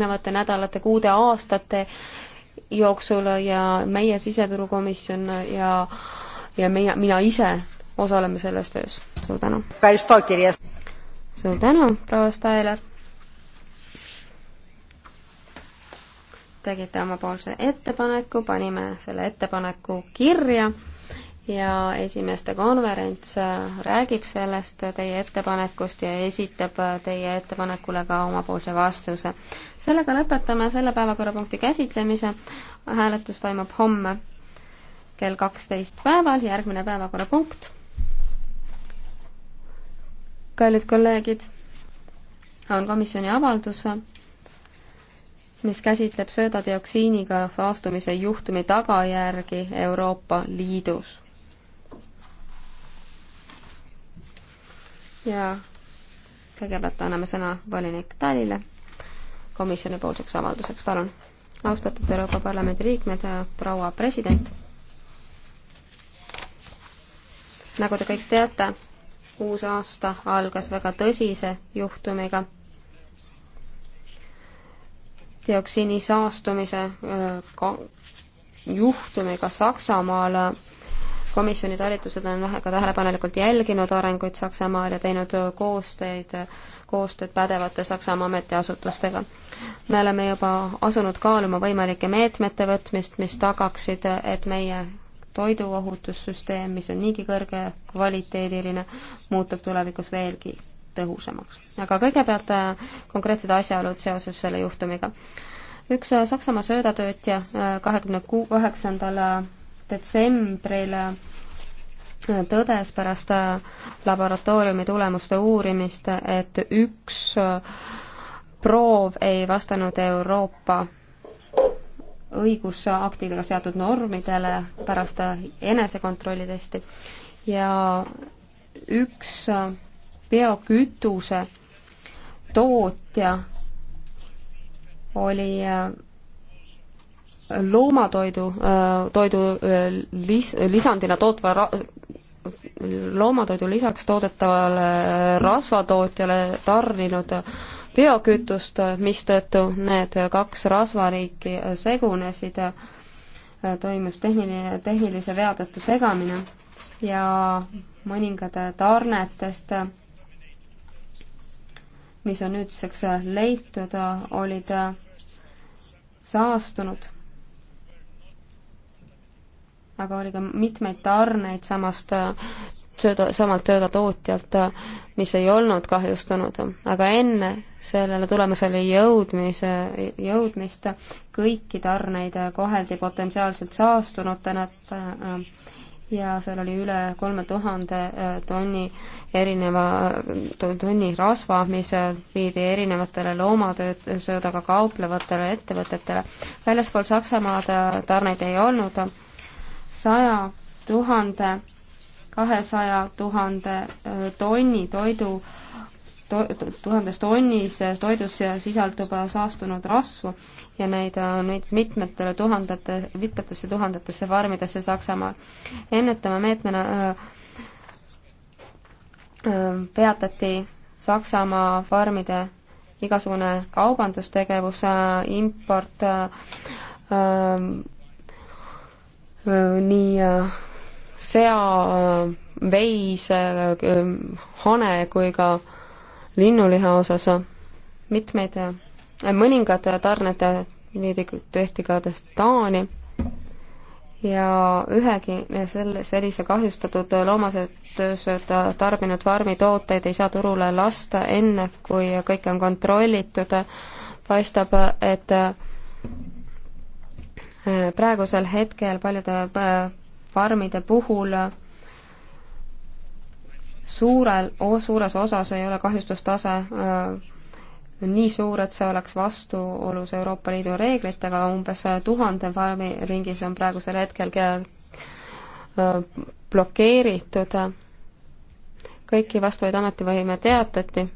järgnevate nädalate, kuude, aastate jooksul ja meie siseturukomisjon ja, ja meie, mina ise osaleme selles töös. suur tänu. suur tänu, proua Staeler. tegite omapoolse ettepaneku, panime selle ettepaneku kirja ja esimeeste konverents äh, räägib sellest teie ettepanekust ja esitab äh, teie ettepanekule ka omapoolse vastuse. sellega lõpetame selle päevakorrapunkti käsitlemise, hääletus toimub homme kell kaksteist päeval, järgmine päevakorrapunkt. kallid kolleegid, on komisjoni avaldus mis käsitleb söödadioksiiniga saastumise juhtumi tagajärgi Euroopa Liidus ja kõigepealt anname sõna volinik Talile komisjonipoolseks avalduseks, palun. austatud Euroopa Parlamendi liikmed, proua president. nagu te kõik teate, uus aasta algas väga tõsise juhtumiga. dioksiini saastumise äh, juhtumiga Saksamaal komisjoni talitused on väga tähelepanelikult jälginud arenguid Saksamaal ja teinud koostööd, koostööd pädevate Saksamaa ametiasutustega. me oleme juba asunud kaaluma võimalike meetmete võtmist, mis tagaksid, et meie toiduohutussüsteem, mis on niigi kõrge kvaliteediline, muutub tulevikus veelgi tõhusamaks. aga kõigepealt äh, konkreetsed asjaolud seoses selle juhtumiga. üks äh, Saksamaa söödatöötja äh, kahekümne kuueksandal detsembril tõdes pärast laboratooriumi tulemuste uurimist, et üks proov ei vastanud Euroopa õigusaktidega seatud normidele pärast enesekontrolli testi ja üks biokütuse tootja oli loomatoidu, äh, toidu äh, lis-, lisandina tootva ra-, loomatoidu lisaks toodetavale äh, rasvatootjale tarninud biokütust, mistõttu need kaks rasvaliiki segunesid, toimus tehniline, tehnilise vea tõttu segamine ja mõningad tarnetest, mis on nüüdseks leitud, olid saastunud aga oli ka mitmeid tarneid samast sööda, samalt söödatootjalt, mis ei olnud kahjustunud. aga enne sellele tulemusele jõudmise, jõudmist kõiki tarneid koheldi potentsiaalselt saastunutena ja seal oli üle kolme tuhande äh, tonni erineva, tonni rasva, mis viidi erinevatele loomatöösöödaga kauplevatele ettevõtetele. väljaspool Saksamaad tarneid ei olnud saja tuhande, kahesaja tuhande tonni toidu to,, tuhandes tonnis toidus sisaldub saastunud rasvu ja neid on nüüd mitmetele tuhandete, mitmetesse tuhandetesse farmidesse Saksamaal. ennetava meetmena äh, äh, peatati Saksamaa farmide igasugune kaubandustegevus äh,, import äh,, Äh, nii äh, sea, äh, veise, hane kui ka linnuliha osas mitmeid, mõningad tarned tehti ka Taani ja ühegi selle, sellise kahjustatud loomatööstused tarbinud farmi tooteid ei saa turule lasta enne, kui kõik on kontrollitud. paistab, et praegusel hetkel paljude äh, farmide puhul suurel, suures osas ei ole kahjustustase äh, nii suur, et see oleks vastuolus Euroopa Liidu reeglitega, umbes tuhande farmi ringis on praegusel hetkel äh, blokeeritud, kõiki vastavaid ametivõime teatati,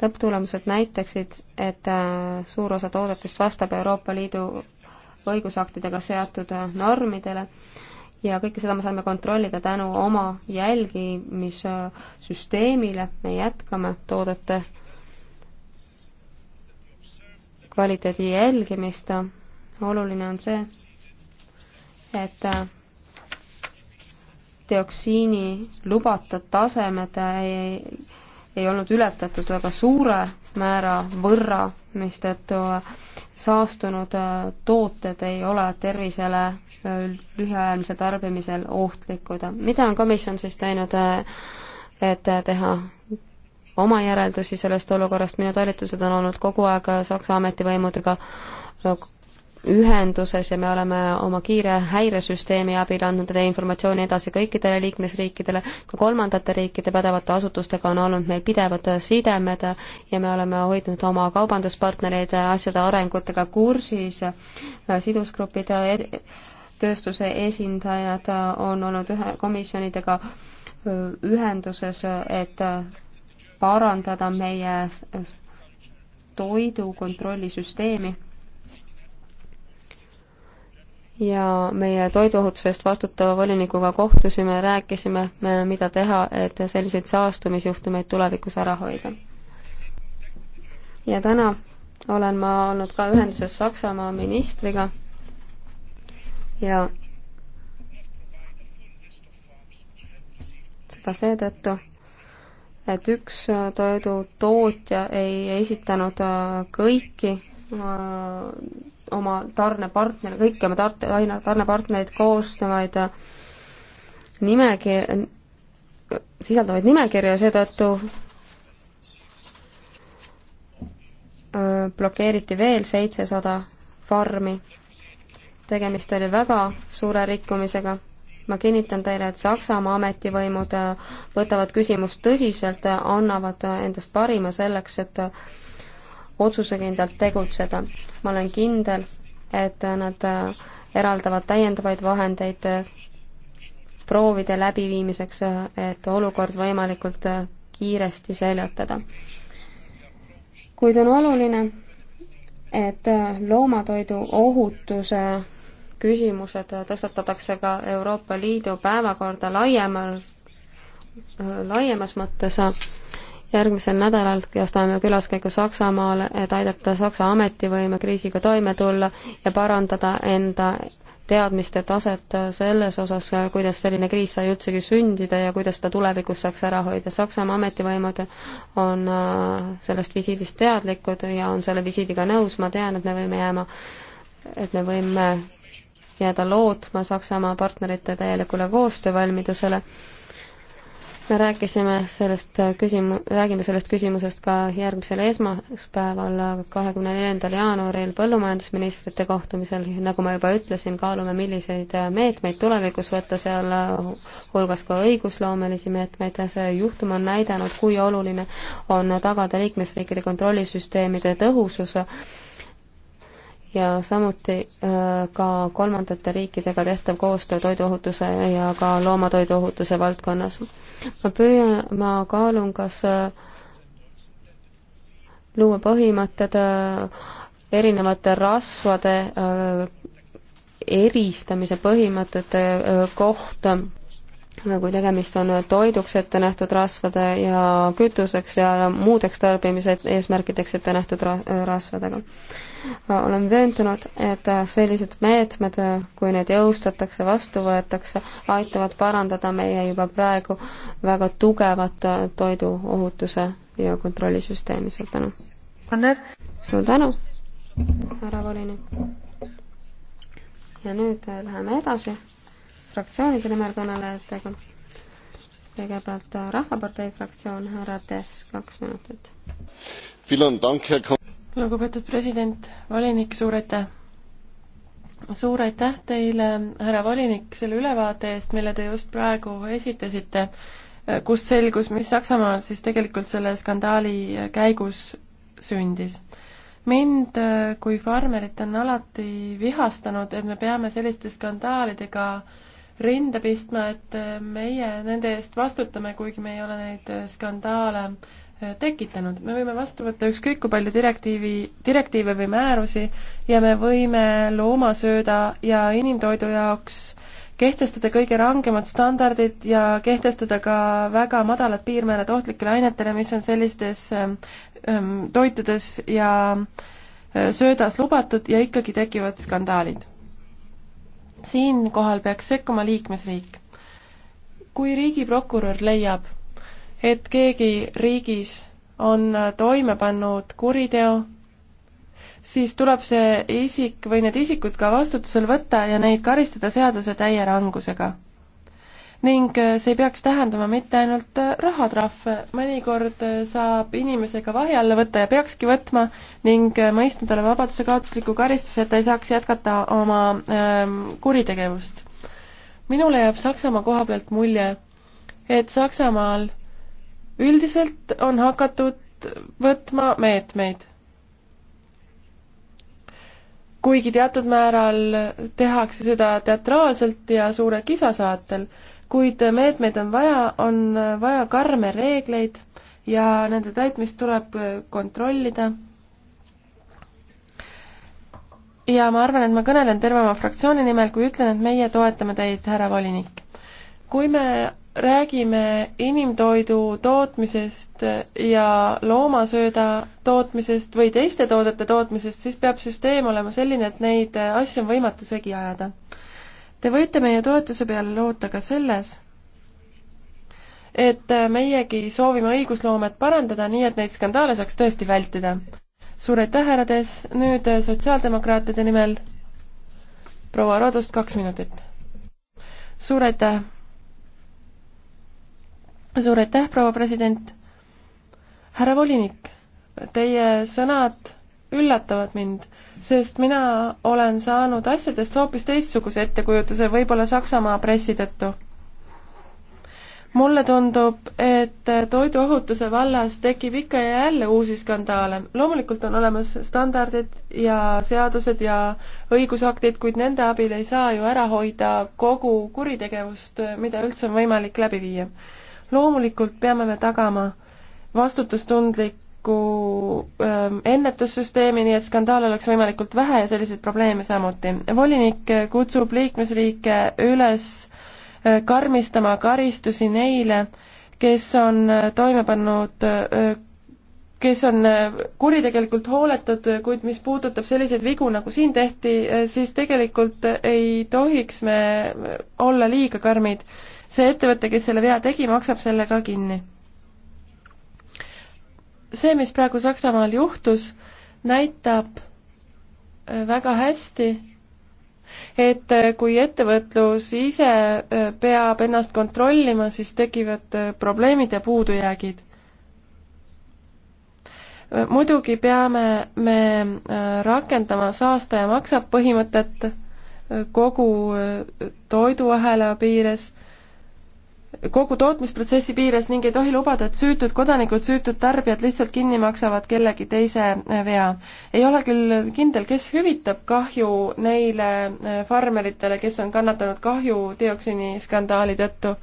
lõpptulemused näitaksid, et suur osa toodetest vastab Euroopa Liidu õigusaktidega seatud äh, normidele ja kõike seda me saame kontrollida tänu oma jälgimissüsteemile, me jätkame toodete kvaliteedi jälgimist. oluline on see, et dioksiini äh, lubatud tasemed äh, ei, ei olnud ületatud väga suure määra võrra mistõttu saastunud äh, tooted ei ole tervisele äh, lühiajalise tarbimisel ohtlikud. mida on komisjon siis teinud, äh, et teha oma järeldusi sellest olukorrast, minu talitused on olnud kogu aeg Saksa ametivõimudega ühenduses ja me oleme oma kiire häiresüsteemi abil andnud teie informatsiooni edasi kõikidele liikmesriikidele, ka kolmandate riikide pädevate asutustega on olnud meil pidevad sidemed ja me oleme hoidnud oma kaubanduspartnereid asjade arengutega kursis, sidusgrupid, tööstuse esindajad on olnud ühe komisjonidega ühenduses, et parandada meie toidukontrollisüsteemi ja meie toiduohutuse eest vastutava volinikuga kohtusime ja rääkisime, mida teha, et selliseid saastumisjuhtumeid tulevikus ära hoida. ja täna olen ma olnud ka ühenduses Saksamaa ministriga ja seda seetõttu, et üks toidutootja ei esitanud kõiki äh, oma tarnepartnere, kõiki oma tar-, aina tarnepartnereid koosnevaid äh, nimekir-, sisaldavaid nimekirju ja seetõttu äh, blokeeriti veel seitsesada farmi. tegemist oli väga suure rikkumisega ma kinnitan teile, et Saksamaa ametivõimud äh, võtavad küsimust tõsiselt, annavad endast parima selleks, et otsusekindlalt tegutseda. ma olen kindel, et nad äh, eraldavad täiendavaid vahendeid äh, proovide läbiviimiseks, äh, et olukord võimalikult kiiresti seljatada. kuid on oluline, et loomatoidu ohutuse küsimused tõstatatakse ka Euroopa Liidu päevakorda laiemal, laiemas mõttes järgmisel nädalal teostame külaskäigu Saksamaale, et aidata Saksa ametivõime kriisiga toime tulla ja parandada enda teadmiste taset selles osas, kuidas selline kriis sai üldsegi sündida ja kuidas ta tulevikus saaks ära hoida. Saksamaa ametivõimud on äh, sellest visiidist teadlikud ja on selle visiidiga nõus, ma tean, et me võime jääma, et me võime jääda lootma Saksamaa partnerite täielikule koostöövalmidusele me rääkisime sellest küsimu-, räägime sellest küsimusest ka järgmisel esmaspäeval, kahekümne neljandal jaanuaril põllumajandusministrite kohtumisel, nagu ma juba ütlesin, kaalume, milliseid meetmeid tulevikus võtta, sealhulgas ka õigusloomelisi meetmeid ja see juhtum on näidanud, kui oluline on tagada liikmesriikide kontrollisüsteemide tõhusus ja samuti äh, ka kolmandate riikidega tehtav koostöö toiduohutuse ja ka loomatoiduohutuse valdkonnas. ma püüan, ma kaalun, kas äh, luua põhimõtted äh, erinevate rasvade eristamise põhimõtete kohta kui nagu tegemist on toiduks ette nähtud rasvade ja kütuseks ja muudeks tarbimise eesmärkideks ette nähtud rasvadega. olen veendunud, et sellised meetmed, kui need jõustatakse, vastu võetakse, aitavad parandada meie juba praegu väga tugevat toiduohutuse ja kontrollisüsteemi. suur tänu! suur tänu, härra volinik! ja nüüd läheme edasi fraktsioonide nimel kõnelejatega. kõigepealt Rahvapartei fraktsioon, härra Tess, kaks minutit. lugupeetud president, volinik, suur aitäh! suur aitäh teile, härra volinik, selle ülevaate eest, mille te just praegu esitasite, kust selgus, mis Saksamaal siis tegelikult selle skandaali käigus sündis mind kui farmerit on alati vihastanud, et me peame selliste skandaalidega äh, rinda pistma, et äh, meie nende eest vastutame, kuigi me ei ole neid äh, skandaale äh, tekitanud. me võime vastu võtta ükskõik kui palju direktiivi, direktiive või määrusi ja me võime loomasööda ja inimtoidu jaoks kehtestada kõige rangemad standardid ja kehtestada ka väga madalad piirmäärad ohtlikele ainetele, mis on sellistes ähm, ähm, toitudes ja söödas lubatud ja ikkagi tekivad skandaalid siinkohal peaks sekkuma liikmesriik. kui riigiprokurör leiab, et keegi riigis on toime pannud kuriteo, siis tuleb see isik või need isikud ka vastutusele võtta ja neid karistada seaduse täie rangusega ning äh, see ei peaks tähendama mitte ainult äh, rahatrahve, mõnikord äh, saab inimese ka vahi alla võtta ja peakski võtma ning mõistma talle vabadusekaotusliku karistuse, et ta ei saaks jätkata oma ähm, kuritegevust. minule jääb Saksamaa koha pealt mulje, et Saksamaal üldiselt on hakatud võtma meetmeid kuigi teatud määral tehakse seda teatraalselt ja suure kisa saatel, kuid meetmeid on vaja, on vaja karme reegleid ja nende täitmist tuleb kontrollida. ja ma arvan, et ma kõnelen terve oma fraktsiooni nimel, kui ütlen, et meie toetame teid, härra volinik. kui me räägime inimtoidu tootmisest ja loomasööda tootmisest või teiste toodete tootmisest, siis peab süsteem olema selline, et neid asju on võimatu segi ajada Te võite meie toetuse peale loota ka selles, et meiegi soovime õigusloomet parandada, nii et neid skandaale saaks tõesti vältida. suur aitäh, härra Tess, nüüd äh, sotsiaaldemokraatide nimel proua Roodust kaks minutit. suur aitäh! suur aitäh, proua president! härra volinik, teie sõnad üllatavad mind, sest mina olen saanud asjadest hoopis teistsuguse ettekujutuse, võib-olla Saksamaa pressi tõttu. mulle tundub, et toiduohutuse vallas tekib ikka ja jälle uusi skandaale. loomulikult on olemas standardid ja seadused ja õigusaktid, kuid nende abil ei saa ju ära hoida kogu kuritegevust, mida üldse on võimalik läbi viia. loomulikult peame me tagama vastutustundlik avalikku ähm, ennetussüsteemi, nii et skandaale oleks võimalikult vähe ja selliseid probleeme samuti. volinik kutsub liikmesriike üles äh, karmistama karistusi neile, kes on äh, toime pannud, äh, kes on kuritegelikult hooletud, kuid mis puudutab selliseid vigu, nagu siin tehti, siis tegelikult ei tohiks me olla liiga karmid. see ettevõte, kes selle vea tegi, maksab selle ka kinni see, mis praegu Saksamaal juhtus, näitab äh, väga hästi, et äh, kui ettevõtlus ise äh, peab ennast kontrollima, siis tekivad probleemid ja puudujäägid. muidugi peame me rakendama saastaja maksab põhimõtet kogu toiduahela piires kogu tootmisprotsessi piires ning ei tohi lubada, et süütud kodanikud, süütud tarbijad lihtsalt kinni maksavad kellegi teise äh, vea. ei ole küll kindel, kes hüvitab kahju neile äh, farmeritele, kes on kannatanud kahju dioksiiniskandaali tõttu.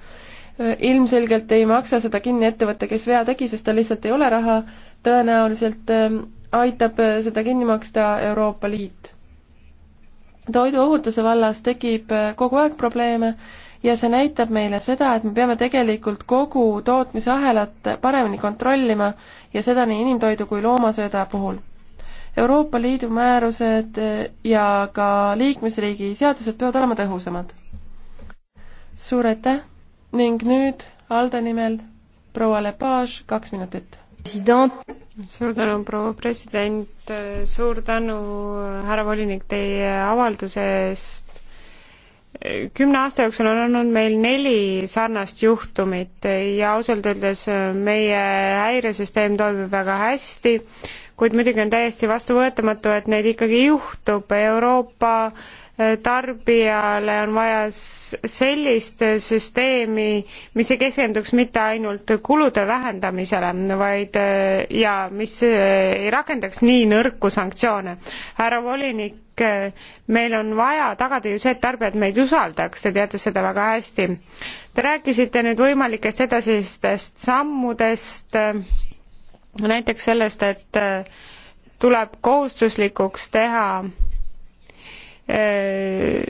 Äh, ilmselgelt ei maksa seda kinni ettevõte, kes vea tegi, sest tal lihtsalt ei ole raha, tõenäoliselt ähm, aitab seda kinni maksta Euroopa Liit. toiduohutuse vallas tekib kogu aeg probleeme ja see näitab meile seda, et me peame tegelikult kogu tootmisahelat paremini kontrollima ja seda nii inimtoidu kui loomasööda puhul. Euroopa Liidu määrused eh, ja ka liikmesriigi seadused peavad olema tõhusamad. suur aitäh ning nüüd Alde nimel proua Lepage, kaks minutit suur tänu, proua president, suur tänu, härra volinik, teie avalduse eest kümne aasta jooksul on olnud meil neli sarnast juhtumit ja ausalt öeldes meie häiresüsteem toimib väga hästi, kuid muidugi on täiesti vastuvõetamatu, et neid ikkagi juhtub. Euroopa eh, tarbijale on vaja sellist süsteemi, mis ei keskenduks mitte ainult kulude vähendamisele, vaid eh, ja mis eh, ei rakendaks nii nõrku sanktsioone. härra volinik, meil on vaja tagada ju see, et tarbijad meid usaldaks, te teate seda väga hästi. Te rääkisite nüüd võimalikest edasistest sammudest, näiteks sellest, et äh, tuleb kohustuslikuks teha äh,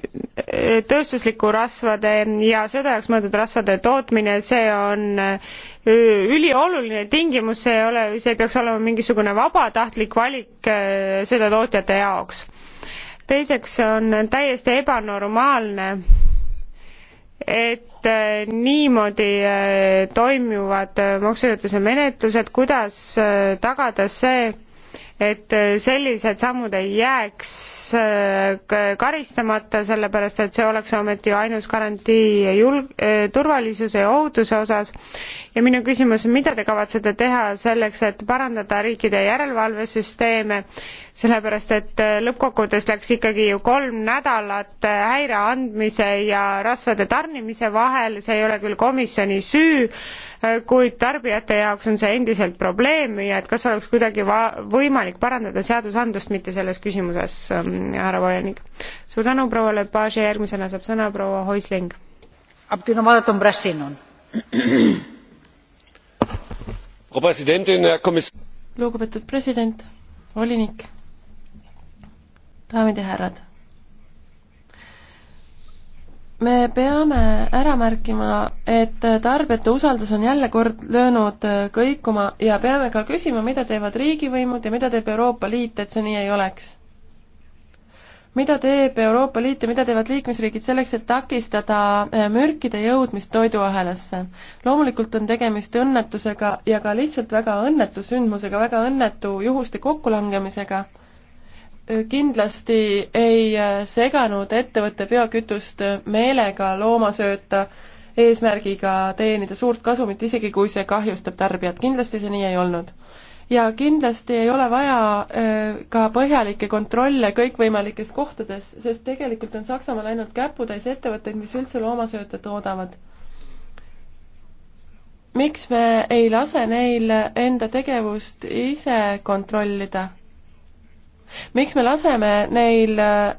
tööstusliku rasvade ja sõdajaks mõeldud rasvade tootmine, see on äh, ülioluline tingimus, see ei ole, see ei peaks olema mingisugune vabatahtlik valik sõidatootjate jaoks teiseks on täiesti ebanormaalne, et äh, niimoodi äh, toimuvad äh, maksujõuetuse menetlused, kuidas tagada see, et sellised sammud ei jääks karistamata, sellepärast et see oleks ometi ju ainus garantii julg-, turvalisuse ja ohutuse osas ja minu küsimus on, mida te kavatsete teha selleks, et parandada riikide järelevalvesüsteeme, sellepärast et äh, lõppkokkuvõttes läks ikkagi ju kolm nädalat äh, häire andmise ja rasvade tarnimise vahel, see ei ole küll komisjoni süü, äh, kuid tarbijate jaoks on see endiselt probleem ja et kas oleks kuidagi va-, võimalik parandada seadusandlust mitte selles küsimuses, ähm, härra volinik. suur tänu, proua Lepage, järgmisena saab sõna proua Häusling. lugupeetud president, volinik, daamid ja härrad. me peame ära märkima, et tarbijate usaldus on jälle kord löönud kõikuma ja peame ka küsima, mida teevad riigivõimud ja mida teeb Euroopa Liit, et see nii ei oleks mida teeb Euroopa Liit ja mida teevad liikmesriigid selleks, et takistada äh, mürkide jõudmist toiduahelasse? loomulikult on tegemist õnnetusega ja ka lihtsalt väga õnnetu sündmusega, väga õnnetu juhuste kokkulangemisega äh, kindlasti ei äh, seganud ettevõtte biokütust meelega loomasööta eesmärgiga teenida suurt kasumit, isegi kui see kahjustab tarbijat, kindlasti see nii ei olnud ja kindlasti ei ole vaja äh, ka põhjalikke kontrolle kõikvõimalikes kohtades, sest tegelikult on Saksamaal ainult käputäis ettevõtteid, mis üldse loomasööta toodavad. miks me ei lase neil enda tegevust ise kontrollida? miks me laseme neil äh,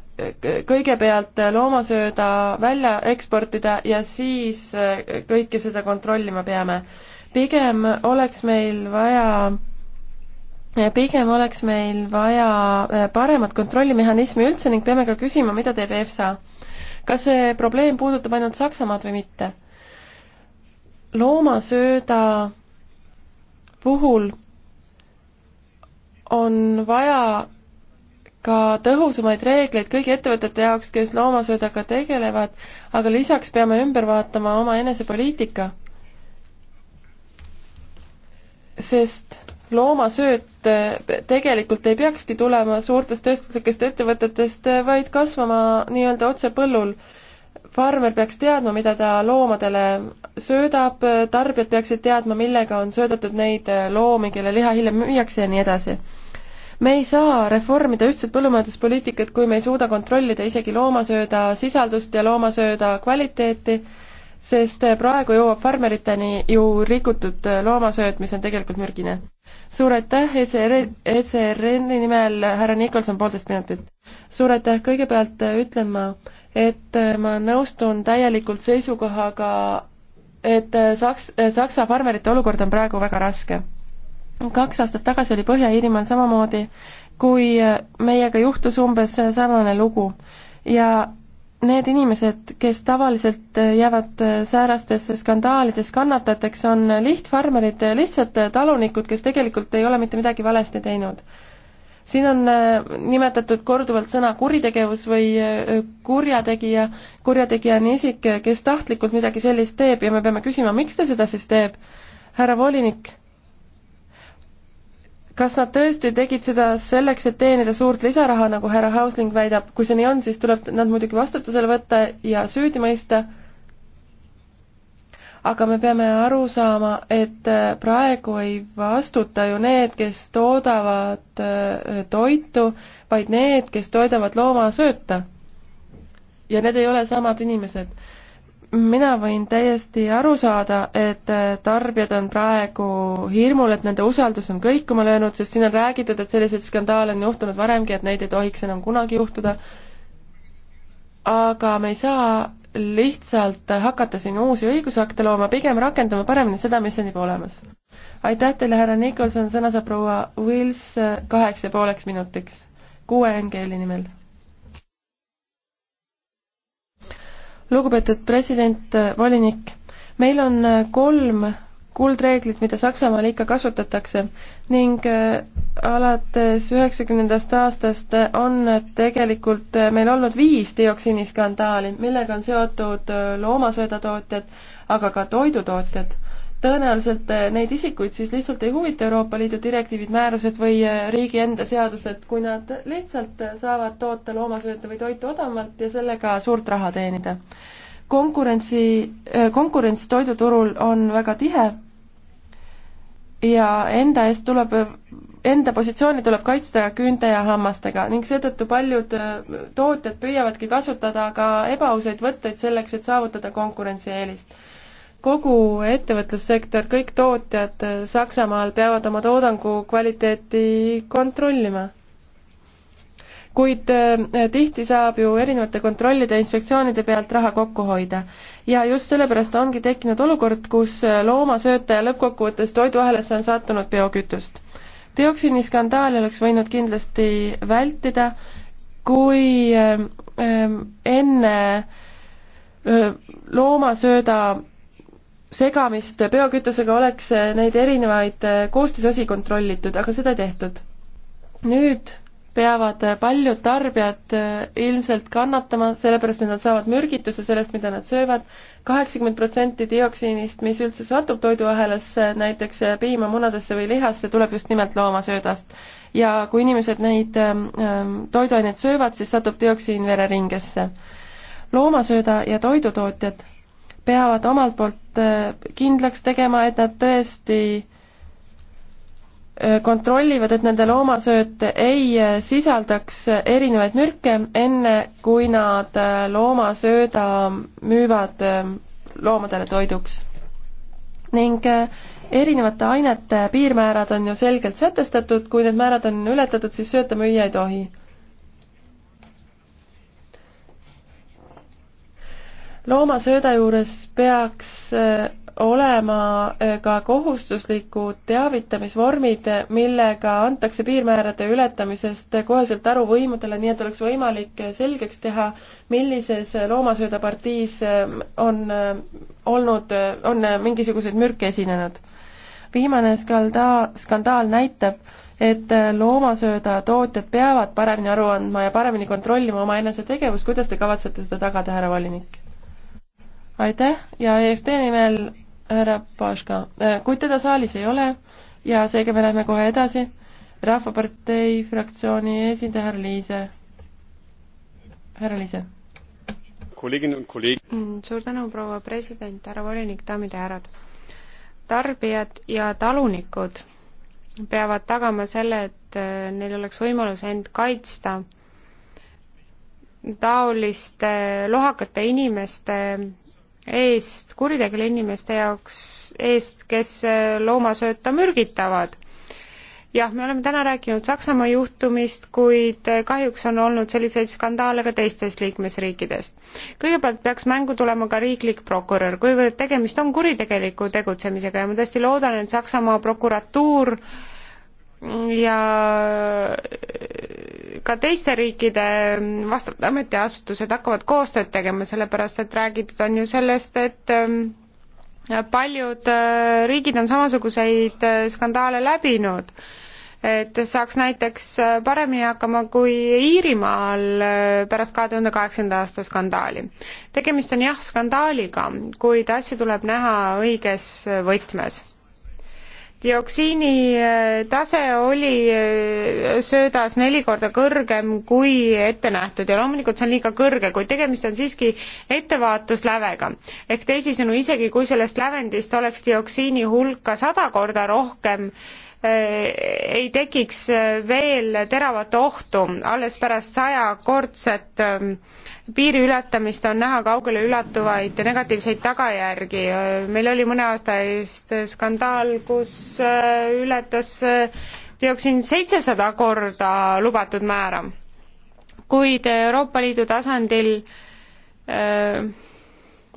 kõigepealt loomasööda välja eksportida ja siis äh, kõike seda kontrollima peame? pigem oleks meil vaja pigem oleks meil vaja äh, paremat kontrollimehhanismi üldse ning peame ka küsima, mida teeb EFSA. kas see probleem puudutab ainult Saksamaad või mitte? loomasööda puhul on vaja ka tõhusamaid reegleid kõigi ettevõtete jaoks, kes loomasöödaga tegelevad, aga lisaks peame ümber vaatama oma enesepoliitika. sest loomasööt eh, tegelikult ei peakski tulema suurtest tööstuslikest ettevõtetest, eh, vaid kasvama nii-öelda otse põllul. farmer peaks teadma, mida ta loomadele söödab, eh, tarbijad peaksid teadma, millega on söödetud neid loomi, kelle liha hiljem müüakse ja nii edasi. me ei saa reformida ühtset põllumajanduspoliitikat, kui me ei suuda kontrollida isegi loomasööda sisaldust ja loomasööda kvaliteeti, sest praegu jõuab farmeriteni ju rikutud loomasööt, mis on tegelikult mürgine suur aitäh ECR, ECR-i nimel härra Nikolson, poolteist minutit. suur aitäh, kõigepealt äh, ütlen ma, et äh, ma nõustun täielikult seisukohaga, et äh, Saks-, Saksa farmerite olukord on praegu väga raske. kaks aastat tagasi oli Põhja-Iirimaal samamoodi, kui meiega juhtus umbes sarnane lugu ja need inimesed, kes tavaliselt äh, jäävad äh, säärastesse skandaalides kannatajateks, on lihtfarmerid, äh, lihtsad talunikud, kes tegelikult ei ole mitte midagi valesti teinud. siin on nimetatud korduvalt sõna kuritegevus või kurjategija. kurjategija on isik, kes tahtlikult midagi sellist teeb ja me peame küsima, miks ta seda siis teeb. härra volinik kas nad tõesti tegid seda selleks, et teenida suurt lisaraha, nagu härra Hausling väidab, kui see nii on, siis tuleb nad muidugi vastutusele võtta ja süüdi mõista, aga me peame aru saama, et äh, praegu ei vastuta ju need, kes toodavad äh, toitu, vaid need, kes toidavad loomasööta. ja need ei ole samad inimesed mina võin täiesti aru saada, et äh, tarbijad on praegu hirmul, et nende usaldus on kõikuma löönud, sest siin on räägitud, et selliseid skandaale on juhtunud varemgi, et neid ei tohiks enam kunagi juhtuda. aga me ei saa lihtsalt hakata siin uusi õigusakte looma, pigem rakendame paremini seda, mis on juba olemas. aitäh teile, härra Nikolson, sõna saab proua Wills kaheks ja pooleks minutiks, kuue NGL-i nimel lugupeetud president, äh, volinik, meil on äh, kolm kuldreeglit, mida Saksamaal ikka kasutatakse ning äh, alates üheksakümnendast aastast on tegelikult meil olnud viis dioksiiniskandaali, millega on seotud loomasöödatootjad, aga ka toidutootjad tõenäoliselt eh, neid isikuid siis lihtsalt ei huvita Euroopa Liidu direktiivid, määrused või eh, riigi enda seadused, kui nad lihtsalt eh, saavad toota loomasööta või toitu odavamalt ja sellega suurt raha teenida. konkurentsi, konkurents toiduturul on väga tihe ja enda eest tuleb, enda positsiooni tuleb kaitsta küünte ja hammastega ning seetõttu paljud tootjad püüavadki kasutada ka ebaausaid võtteid selleks, et saavutada konkurentsieelist kogu ettevõtlussektor, kõik tootjad Saksamaal peavad oma toodangu kvaliteeti kontrollima. kuid eh, tihti saab ju erinevate kontrollide ja inspektsioonide pealt raha kokku hoida. ja just sellepärast ongi tekkinud olukord, kus eh, loomasööta ja lõppkokkuvõttes toiduahelasse on sattunud biokütust. teoksini skandaali oleks võinud kindlasti vältida, kui eh, enne loomasööda segamist biokütusega oleks eh, neid erinevaid eh, koostisosi kontrollitud, aga seda ei tehtud. nüüd peavad eh, paljud tarbijad ilmselt kannatama, sellepärast et nad saavad mürgituse sellest, mida nad söövad, kaheksakümmend protsenti dioksiinist, mis üldse satub toiduahelasse, näiteks piima, munadesse või lihasse, tuleb just nimelt loomasöödast. ja kui inimesed neid ehm, ehm, toiduaineid söövad, siis satub dioksiin vereringesse. loomasööda ja toidutootjad peavad omalt poolt äh, kindlaks tegema, et nad tõesti äh, kontrollivad, et nende loomasööt ei äh, sisaldaks erinevaid mürke, enne kui nad loomasööda müüvad loomadele toiduks. ning erinevate ainete piirmäärad on ju selgelt sätestatud, kui need määrad on ületatud, siis sööta müüa ei tohi loomasööda juures peaks äh, olema äh, ka kohustuslikud teavitamisvormid, millega antakse piirmäärade ületamisest koheselt aru võimudele, nii et oleks võimalik äh, selgeks teha, millises loomasöödapartiis on olnud, on mingisuguseid mürke esinenud. viimane skandaal, skandaal näitab, et loomasööda tootjad peavad paremini aru andma ja paremini kontrollima omaenese tegevust, kuidas te kavatsete seda tagada, härra volinik? aitäh ja EFT nimel härra Paška, äh, kuid teda saalis ei ole ja seega me läheme kohe edasi. rahvapartei fraktsiooni esindaja härra Liise. härra Liise. Mm, suur tänu, proua president, härra volinik, daamid ja härrad. tarbijad ja talunikud peavad tagama selle, et äh, neil oleks võimalus end kaitsta taoliste lohakate inimeste eest, kuritegelik inimeste jaoks eest, kes äh, loomasööta mürgitavad. jah, me oleme täna rääkinud Saksamaa juhtumist, kuid äh, kahjuks on olnud selliseid skandaale ka teistest liikmesriikidest. kõigepealt peaks mängu tulema ka riiklik prokurör, kuivõrd tegemist on kuritegeliku tegutsemisega ja ma tõesti loodan, et Saksamaa prokuratuur äh, ja ka teiste riikide vastavad ametiasutused hakkavad koostööd tegema, sellepärast et räägitud on ju sellest, et ähm, paljud äh, riigid on samasuguseid äh, skandaale läbinud. et saaks näiteks äh, paremini hakkama kui Iirimaal pärast kahe tuhande kaheksanda aasta skandaali. tegemist on jah, skandaaliga, kuid asju tuleb näha õiges võtmes dioksiini äh, tase oli äh, söödas neli korda kõrgem kui ette nähtud ja loomulikult see on liiga kõrge, kuid tegemist on siiski ettevaatuslävega. ehk teisisõnu, isegi kui sellest lävendist oleks dioksiini hulka sada korda rohkem, äh, ei tekiks veel teravat ohtu alles pärast sajakordset ähm, piiri ületamist on näha kaugele ulatuvaid negatiivseid tagajärgi. meil oli mõne aasta eest skandaal, kus äh, ületas dioksiin äh, seitsesada korda lubatud määra. kuid Euroopa Liidu tasandil öö, äh,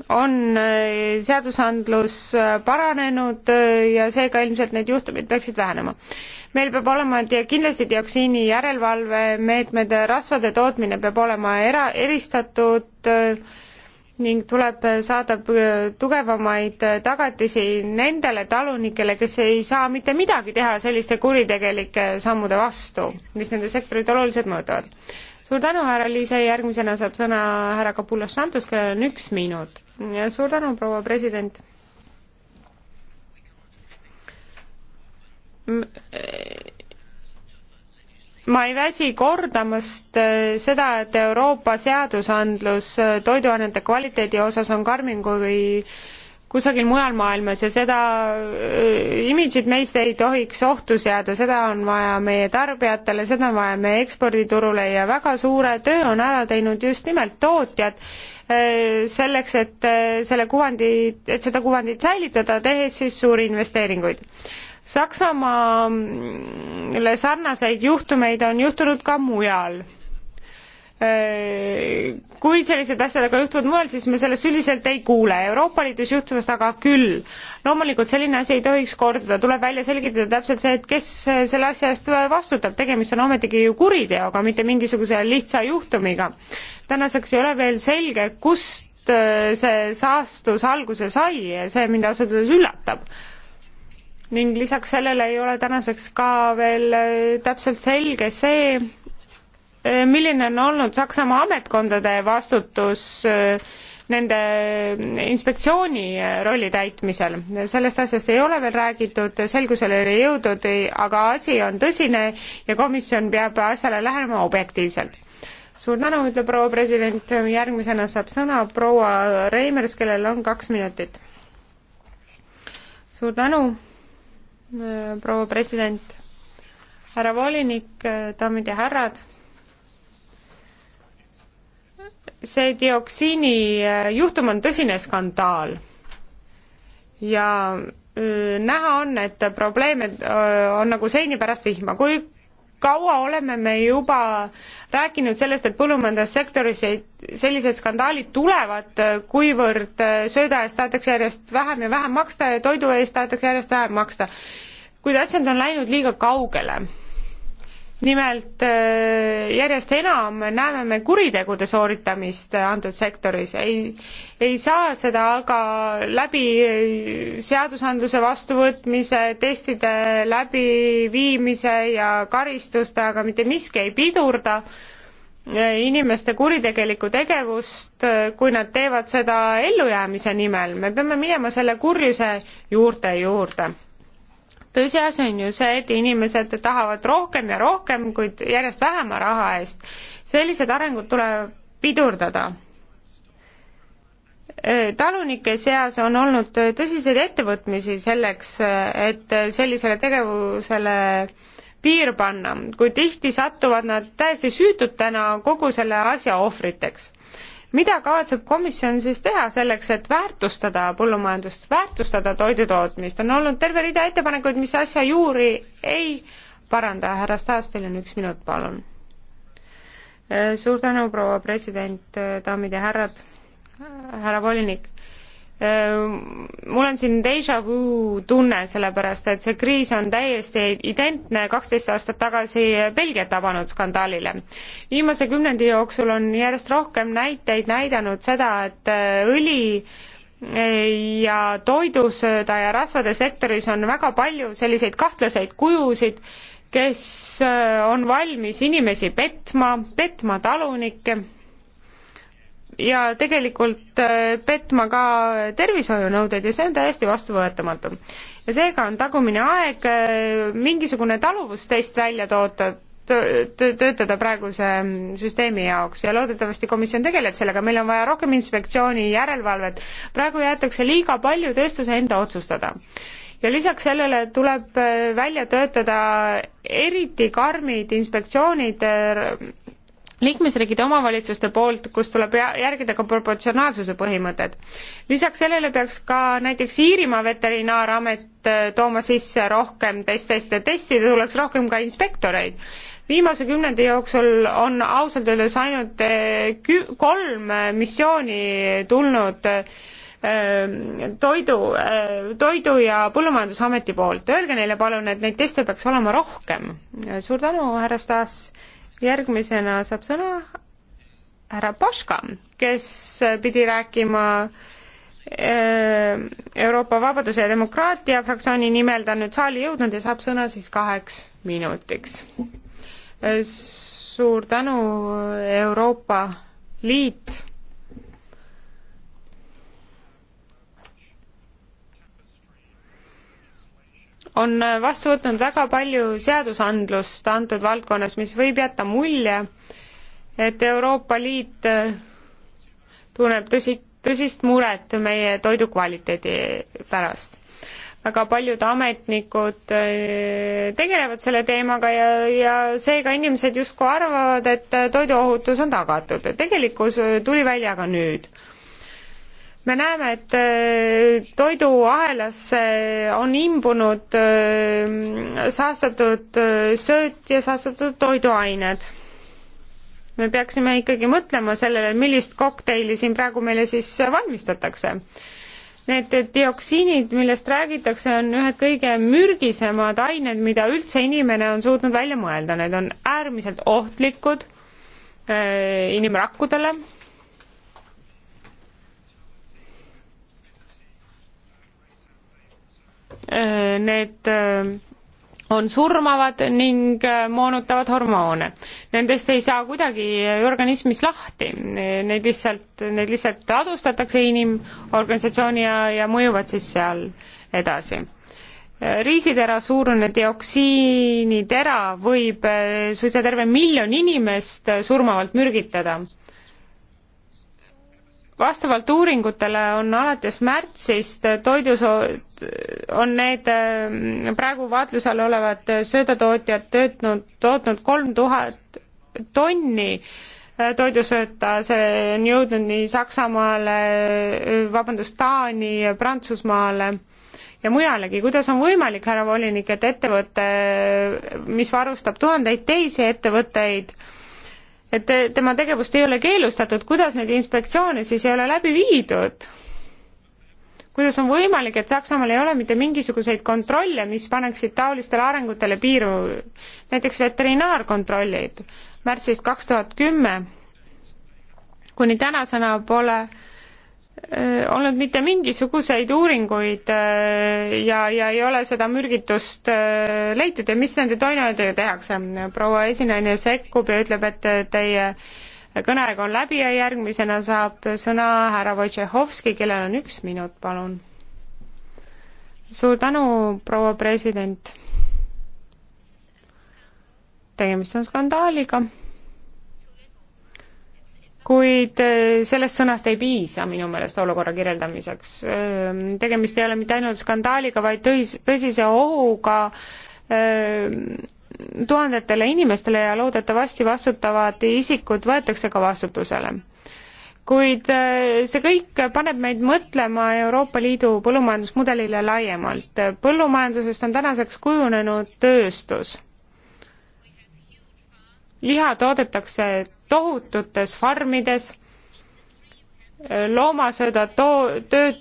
on eh, seadusandlus eh, paranenud eh, ja seega ilmselt need juhtumid peaksid vähenema. meil peab olema kindlasti dioksiini järelevalvemeetmed, rasvade tootmine peab olema era-, eristatud ning tuleb saada tugevamaid tagatisi nendele talunikele, kes ei saa mitte midagi teha selliste kuritegelike sammude vastu, mis nende sektorit oluliselt mõõdavad suur tänu, härra Liise, järgmisena saab sõna härra Kapulas Santos, kellel on üks minut. suur tänu, proua president. Äh, ma ei väsi kordamast äh, seda, et Euroopa seadusandlus äh, toiduainete kvaliteedi osas on karmim kui kusagil mujal maailmas ja seda äh, imidžit meist ei tohiks ohtu seada, seda on vaja meie tarbijatele, seda on vaja meie eksporditurule ja väga suure töö on ära teinud just nimelt tootjad, äh, selleks, et äh, selle kuvandi, et seda kuvandit säilitada, tehes siis suuri investeeringuid. Saksamaale sarnaseid juhtumeid on juhtunud ka mujal kui sellised asjad aga juhtuvad mujal, siis me sellest üldiselt ei kuule. Euroopa Liidus juhtuvast aga küll. loomulikult selline asi ei tohiks korduda, tuleb välja selgitada täpselt see, et kes selle asja eest vastutab, tegemist on ometigi ju kuriteoga, mitte mingisuguse lihtsa juhtumiga. tänaseks ei ole veel selge, kust äh, see saastus alguse sai ja see mind ausalt öeldes üllatab ning lisaks sellele ei ole tänaseks ka veel äh, täpselt selge see, milline on olnud Saksamaa ametkondade vastutus äh, nende inspektsiooni äh, rolli täitmisel. sellest asjast ei ole veel räägitud, selgusele ei ole jõudnud, aga asi on tõsine ja komisjon peab asjale lähenema objektiivselt. suur tänu, ütleb proua president, järgmisena saab sõna proua Reimers, kellel on kaks minutit. suur tänu, äh, proua president, härra volinik, daamid ja härrad see dioksiini äh, juhtum on tõsine skandaal ja äh, näha on, et probleeme äh, on nagu seini pärast vihma, kui kaua oleme me juba rääkinud sellest, et põllumajandussektoris sellised skandaalid tulevad, kuivõrd sööda eest tahetakse järjest vähem ja vähem maksta ja toidu eest tahetakse järjest vähem maksta. kuid asjad on läinud liiga kaugele nimelt äh, järjest enam näeme me kuritegude sooritamist äh, antud sektoris, ei, ei saa seda aga läbi äh, seadusandluse vastuvõtmise, testide läbiviimise ja karistuste, aga mitte miski ei pidurda inimeste kuritegelikku tegevust, kui nad teevad seda ellujäämise nimel, me peame minema selle kurjuse juurte juurde, juurde tõsiasi on ju see, et inimesed tahavad rohkem ja rohkem, kuid järjest vähema raha eest. sellised arengud tuleb pidurdada. talunike seas on olnud tõsiseid ettevõtmisi selleks, et sellisele tegevusele piir panna, kuid tihti satuvad nad täiesti süütutena kogu selle asja ohvriteks mida kavatseb komisjon siis teha selleks, et väärtustada põllumajandust, väärtustada toidutootmist, on olnud terve rida ettepanekuid, mis asja juuri ei paranda, härra Staas, teil on üks minut, palun. suur tänu, proua president, daamid ja härrad, härra volinik Ehm, mul on siin déjà vu tunne, sellepärast et see kriis on täiesti identne kaksteist aastat tagasi Belgiat tabanud skandaalile. viimase kümnendi jooksul on järjest rohkem näiteid näidanud seda, et äh, õli äh, ja toidusööda ja rasvade sektoris on väga palju selliseid kahtlaseid kujusid, kes äh, on valmis inimesi petma, petma talunikke ja tegelikult äh, petma ka tervishoiunõudeid ja see on täiesti vastuvõetamatu. ja seega on tagumine aeg äh, mingisugune taluvustest välja toota, töötada praeguse mm, süsteemi jaoks ja loodetavasti komisjon tegeleb sellega, meil on vaja rohkem inspektsiooni, järelevalvet, praegu jäetakse liiga palju tööstuse enda otsustada ja lisaks sellele tuleb äh, välja töötada eriti karmid inspektsioonid liikmesriigid omavalitsuste poolt, kus tuleb järgida ka proportsionaalsuse põhimõtet. lisaks sellele peaks ka näiteks Iirimaa veterinaaramet äh, tooma sisse rohkem testeste, testida tuleks rohkem ka inspektoreid. viimase kümnendi jooksul on ausalt öeldes ainult äh, kü-, kolm äh, missiooni tulnud toidu, Toidu- ja Põllumajandusameti poolt, öelge neile palun, et neid teste peaks olema rohkem. suur tänu, härra Stas järgmisena saab sõna härra Paška, kes pidi rääkima äh, Euroopa Vabaduse ja Demokraatia fraktsiooni nimel, ta on nüüd saali jõudnud ja saab sõna siis kaheks minutiks. Äh, suur tänu, Euroopa Liit on vastu võtnud väga palju seadusandlust antud valdkonnas, mis võib jätta mulje, et Euroopa Liit eh, tunneb tõsi, tõsist muret meie toidukvaliteedi pärast. väga paljud ametnikud eh, tegelevad selle teemaga ja, ja seega inimesed justkui arvavad, et toiduohutus on tagatud. tegelikkus tuli välja ka nüüd me näeme, et äh, toiduahelasse on imbunud äh, saastatud äh, sööt ja saastatud toiduained. me peaksime ikkagi mõtlema sellele, millist kokteili siin praegu meile siis valmistatakse. Need dioksiinid, millest räägitakse, on ühed kõige mürgisemad ained, mida üldse inimene on suutnud välja mõelda, need on äärmiselt ohtlikud inimrakkudele Äh, need äh, on surmavad ning äh, moonutavad hormoone. Nendest ei saa kuidagi organismis lahti, neid lihtsalt, neid lihtsalt ladustatakse inimorganisatsiooni ja, ja mõjuvad siis seal edasi. riisitera suurune dioksiinitera võib suisa terve miljon inimest surmavalt mürgitada vastavalt uuringutele on alates märtsist toidus, on need ähm, praegu vaatluse all olevad söödatootjad töötnud, tootnud kolm tuhat tonni äh, toidusööta, see on jõudnud nii Saksamaale, äh, vabandust, Taani, Prantsusmaale ja mujalegi, kuidas on võimalik, härra volinik, et ettevõte, mis varustab tuhandeid teisi ettevõtteid, et tema tegevust ei ole keelustatud, kuidas neid inspektsioone siis ei ole läbi viidud? kuidas on võimalik, et Saksamaal ei ole mitte mingisuguseid kontrolle, mis paneksid taolistele arengutele piiru, näiteks veterinaarkontrollid märtsist kaks tuhat kümme kuni tänasena pole äh, Äh, olnud mitte mingisuguseid uuringuid äh, ja, ja ei ole seda mürgitust äh, leitud ja mis nende toiduainetega tehakse? proua esinaine sekkub ja ütleb, et teie kõneaeg on läbi ja järgmisena saab sõna härra Wojciechowski, kellel on üks minut, palun. suur tänu, proua president. tegemist on skandaaliga kuid äh, sellest sõnast ei piisa minu meelest olukorra kirjeldamiseks. Ähm, tegemist ei ole mitte ainult skandaaliga, vaid tõis, tõsise ohuga ähm, tuhandetele inimestele ja loodetavasti vastutavad isikud võetakse ka vastutusele. kuid äh, see kõik paneb meid mõtlema Euroopa Liidu põllumajandusmudelile laiemalt. põllumajandusest on tänaseks kujunenud tööstus liha toodetakse tohututes farmides, loomasööda too-, töö-,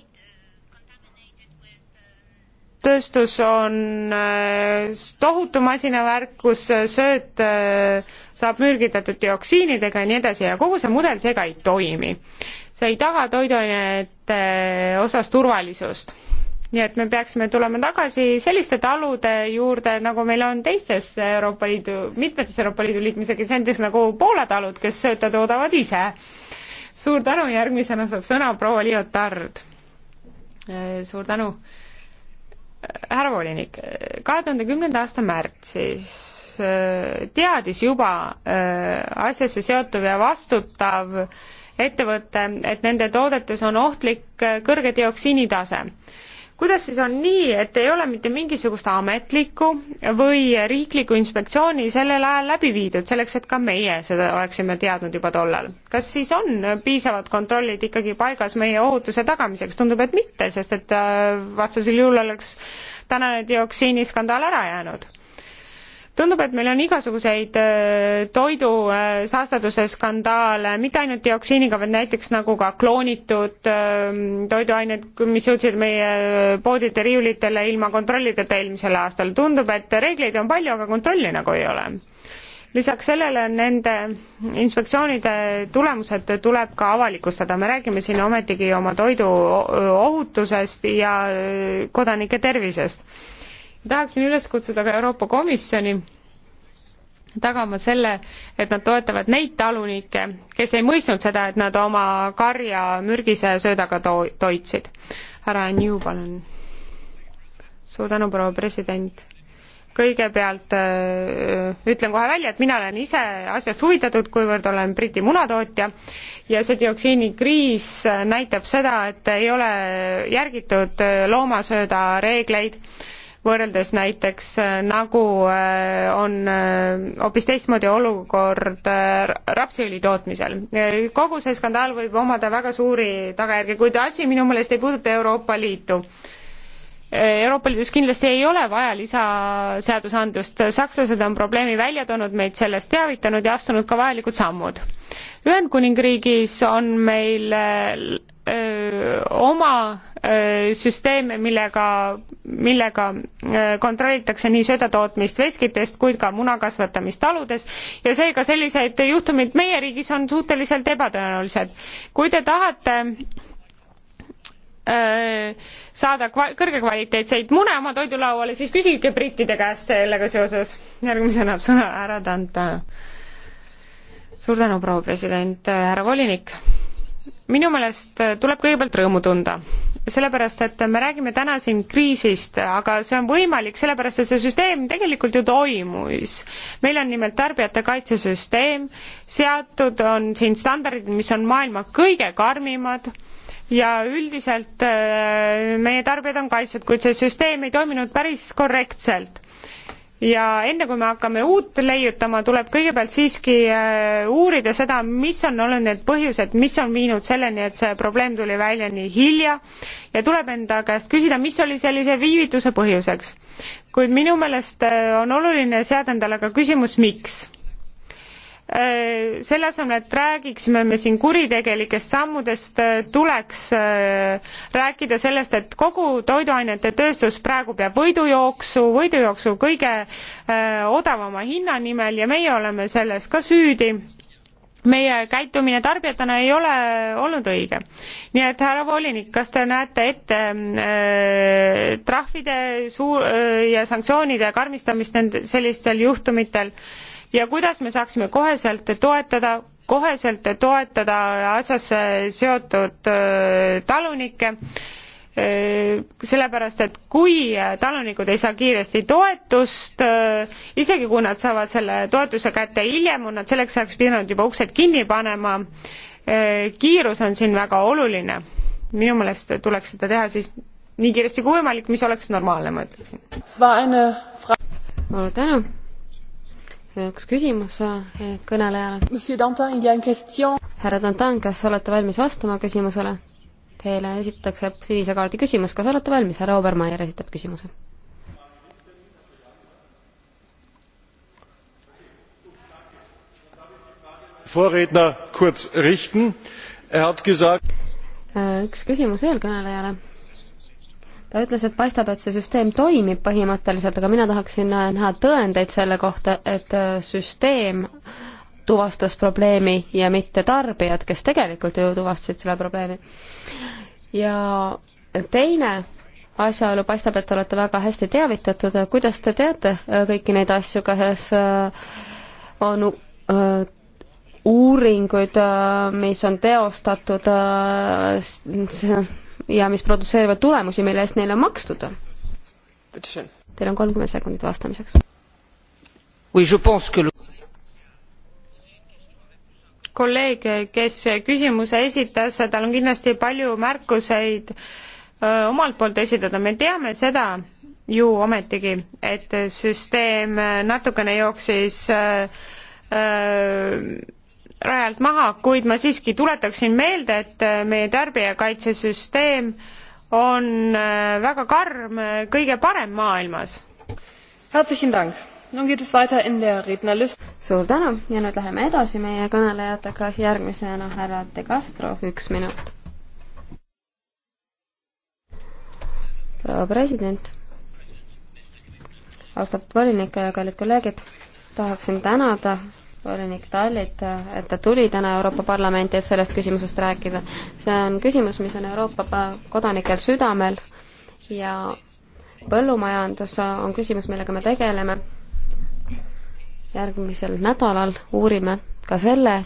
tööstus on äh, tohutu masinavärk, kus äh, sööt äh, saab mürgitatud dioksiinidega ja nii edasi ja kogu see mudel seega ei toimi. see ei taga toiduainete osas turvalisust nii et me peaksime tulema tagasi selliste talude juurde, nagu meil on teistes Euroopa Liidu, mitmetes Euroopa Liidu liikmesriikides, näiteks nagu Poola talud, kes sööta toodavad ise. suur tänu, järgmisena saab sõna proua Liotard. suur tänu. härra volinik, kahe tuhande kümnenda aasta märtsis äh, teadis juba äh, asjasse seotuv ja vastutav ettevõte, et nende toodetes on ohtlik äh, kõrge dioksiinitase kuidas siis on nii, et ei ole mitte mingisugust ametlikku või riiklikku inspektsiooni sellel ajal läbi viidud, selleks et ka meie seda oleksime teadnud juba tollal? kas siis on piisavad kontrollid ikkagi paigas meie ohutuse tagamiseks? tundub, et mitte, sest et äh, vastasel juhul oleks tänane dioksiiniskandaal ära jäänud tundub, et meil on igasuguseid äh, toidu äh, saastatuse skandaale, mitte ainult dioksiiniga, vaid näiteks nagu ka kloonitud ähm, toiduained, mis jõudsid meie äh, poodide riiulitele ilma kontrollideta eelmisel aastal. tundub, et reegleid on palju, aga kontrolli nagu ei ole. lisaks sellele nende inspektsioonide tulemused tuleb ka avalikustada, me räägime siin ometigi oma toidu ohutusest ja kodanike tervisest tahaksin üles kutsuda ka Euroopa Komisjoni tagama selle, et nad toetavad neid talunikke, kes ei mõistnud seda, et nad oma karja mürgise söödaga to-, toitsid. härra Anju, palun. suur tänu, proua president. kõigepealt öö, äh, ütlen kohe välja, et mina olen ise asjast huvitatud, kuivõrd olen Briti munatootja ja see dioksiinikriis näitab seda, et ei ole järgitud äh, loomasööda reegleid võrreldes näiteks äh, nagu äh, on äh, hoopis teistmoodi olukord rapsiõli tootmisel. kogu see skandaal võib omada väga suuri tagajärgi, kuid asi minu meelest ei puuduta Euroopa Liitu. Euroopa Liidus kindlasti ei ole vaja lisaseadusandlust, sakslased on probleemi välja toonud, meid sellest teavitanud ja astunud ka vajalikud sammud. Ühendkuningriigis on meil öö, oma öö, süsteeme, millega, millega öö, kontrollitakse nii söödatootmist veskitest kui ka muna kasvatamist taludes ja seega sellised juhtumid meie riigis on suhteliselt ebatõenäolised. kui te tahate öö, saada kva-, kõrgekvaliteetseid mune oma toidulauale, siis küsige brittide käest sellega seoses. järgmisena sõna härra Tanta. suur tänu, proua president, härra volinik minu meelest tuleb kõigepealt rõõmu tunda sellepärast, et me räägime täna siin kriisist, aga see on võimalik sellepärast, et see süsteem tegelikult ju toimus. meil on nimelt tarbijate kaitsesüsteem, seatud on siin standardid, mis on maailma kõige karmimad ja üldiselt äh, meie tarbijad on kaitstud, kuid see süsteem ei toiminud päris korrektselt ja enne kui me hakkame uut leiutama, tuleb kõigepealt siiski äh, uurida seda, mis on olnud need põhjused, mis on viinud selleni, et see probleem tuli välja nii hilja ja tuleb enda käest küsida, mis oli sellise viivituse põhjuseks. kuid minu meelest äh, on oluline seada endale ka küsimus, miks Äh, selle asemel, et räägiksime me siin kuritegelikest sammudest, äh, tuleks äh, rääkida sellest, et kogu toiduainete tööstus praegu peab võidujooksu, võidujooksu kõige odavama hinna nimel ja meie oleme selles ka süüdi meie käitumine tarbijatena ei ole olnud õige. nii et härra volinik, kas te näete ette äh, trahvide suur- äh, ja sanktsioonide karmistamist nend-, sellistel juhtumitel äh, ja kuidas me saaksime koheselt toetada koheselt toetada asjasse seotud talunikke, sellepärast et kui talunikud ei saa kiiresti toetust, isegi kui nad saavad selle toetuse kätte hiljem, on nad selleks ajaks pidanud juba uksed kinni panema, kiirus on siin väga oluline. minu meelest tuleks seda teha siis nii kiiresti kui võimalik, mis oleks normaalne, ma ütleksin. suur tänu üks küsimus eh, kõnelejale. härra Dantin, kas olete valmis vastama küsimusele? Teile esitatakse sinise kaardi küsimus, kas olete valmis, härra Obermeier esitab küsimuse vorredner kurz richten. er hat gesagt äh, üks küsimus eelkõnelejale ta ütles, et paistab, et see süsteem toimib põhimõtteliselt, aga mina tahaksin näha tõendeid selle kohta, et äh, süsteem tuvastas probleemi ja mitte tarbijad, kes tegelikult ju tuvastasid selle probleemi. ja teine asjaolu, paistab, et te olete väga hästi teavitatud, kuidas te teate äh, kõiki neid asju, kas äh, on uuringuid, mis on teostatud ja mis produtseerivad tulemusi, mille eest neile on makstud. Teil on kolmkümmend sekundit vastamiseks. kolleeg, kes küsimuse esitas, tal on kindlasti palju märkuseid omalt poolt esitada, me teame seda ju ometigi, et süsteem natukene jooksis öö, rajalt maha, kuid ma siiski tuletaksin meelde, et äh, meie tarbijakaitsesüsteem on äh, väga karm, äh, kõige parem maailmas. suur tänu ja nüüd läheme edasi meie kõnelejatega, järgmisena härra De Castro, üks minut. proua president, austatud volinik, kallid kolleegid, tahaksin tänada volinik Tallit, et ta tuli täna Euroopa Parlamenti, et sellest küsimusest rääkida. see on küsimus, mis on Euroopa kodanikel südamel ja põllumajandus on küsimus, millega me tegeleme. järgmisel nädalal uurime ka selle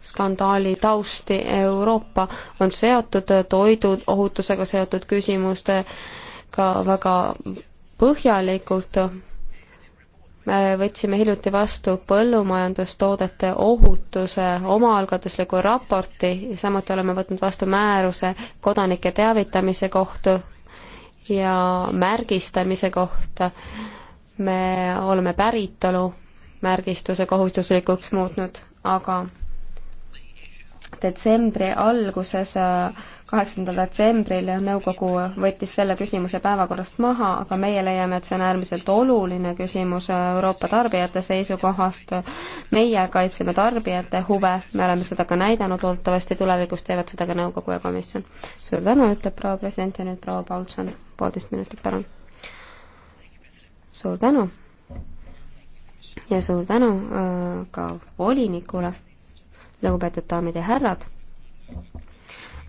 skandaali tausti. Euroopa on seotud toiduohutusega seotud küsimustega väga põhjalikult me võtsime hiljuti vastu põllumajandustoodete ohutuse omaalgatusliku raporti, samuti oleme võtnud vastu määruse kodanike teavitamise kohta ja märgistamise kohta. me oleme päritolu märgistuse kohustuslikuks muutnud, aga detsembri alguses kaheksandal detsembril nõukogu võttis selle küsimuse päevakorrast maha, aga meie leiame, et see on äärmiselt oluline küsimus Euroopa tarbijate seisukohast. meie kaitseme tarbijate huve, me oleme seda ka näidanud, loodetavasti tulevikus teevad seda ka nõukogu ja komisjon. suur tänu, ütleb proua president ja nüüd proua Paulson, poolteist minutit, palun. suur tänu ja suur tänu äh, ka volinikule, lugupeetud daamid ja härrad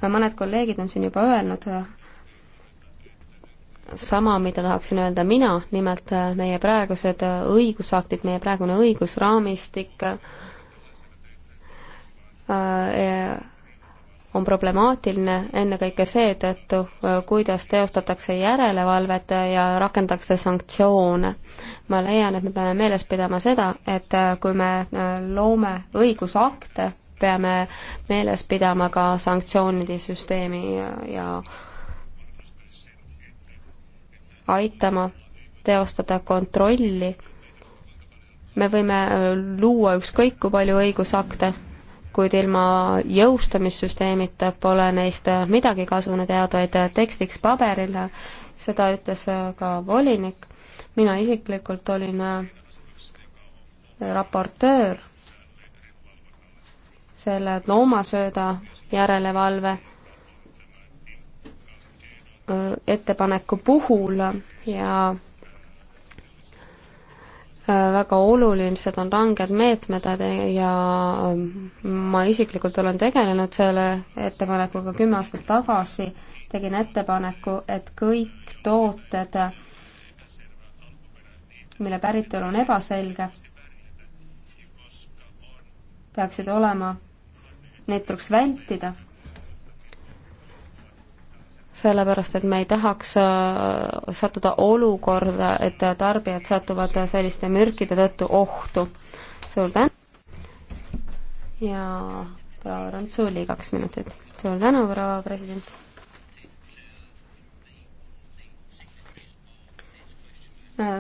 mõned kolleegid on siin juba öelnud äh, sama, mida tahaksin öelda mina, nimelt äh, meie praegused äh, õigusaktid, meie praegune õigusraamistik on problemaatiline ennekõike seetõttu, kuidas teostatakse järelevalvet ja rakendatakse sanktsioone. ma leian, et me peame meeles pidama seda, et kui me loome õigusakte, peame meeles pidama ka sanktsioonide süsteemi ja aitama teostada kontrolli. me võime luua ükskõik kui palju õigusakte, kuid ilma jõustamissüsteemita pole neist midagi kasu, need jäävad vaid tekstiks paberile, seda ütles ka volinik. mina isiklikult olin raportöör selle loomasööda järelevalve ettepaneku puhul ja väga olulised on ranged meetmed ja ma isiklikult olen tegelenud selle ettepanekuga kümme aastat tagasi, tegin ettepaneku, et kõik tooted, mille päritolu on ebaselge, peaksid olema neid tuleks vältida. sellepärast, et me ei tahaks äh, sattuda olukorda, et tarbijad satuvad selliste mürkide tõttu ohtu. suur tänu ja proua Rantsuuli kaks minutit. suur tänu, proua president!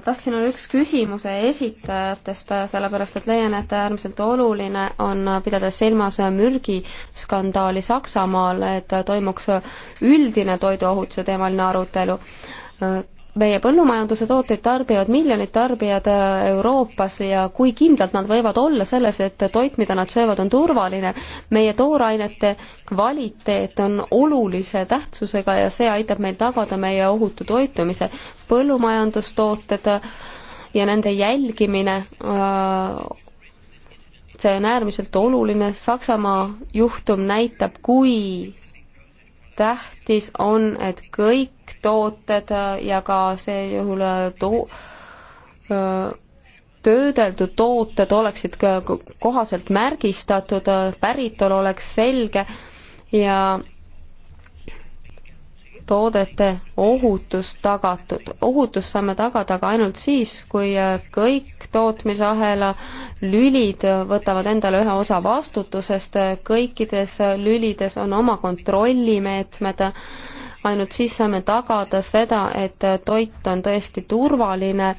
tahtsin olla üks küsimuse esitajatest, äh, sellepärast et leian, et äärmiselt oluline on, äh, pidades silmas äh, mürgiskandaali Saksamaal, et toimuks üldine toiduohutuse teemaline arutelu meie põllumajanduse tooteid tarbivad miljonid tarbijad äh, Euroopas ja kui kindlalt nad võivad olla selles, et toit, mida nad söövad, on turvaline. meie toorainete kvaliteet on olulise tähtsusega ja see aitab meil tagada meie ohutu toitumise. põllumajandustooted äh, ja nende jälgimine äh, see on äärmiselt oluline, Saksamaa juhtum näitab, kui tähtis on, et kõik tooted ja ka see juhul äh, to-, äh, töödeldud tooted oleksid kohaselt märgistatud, päritolu oleks selge ja toodete ohutus tagatud. ohutust saame tagada aga ainult siis, kui äh, kõik tootmisahela lülid võtavad endale ühe osa vastutusest, kõikides lülides on oma kontrollimeetmed, ainult siis saame tagada seda, et toit on tõesti turvaline.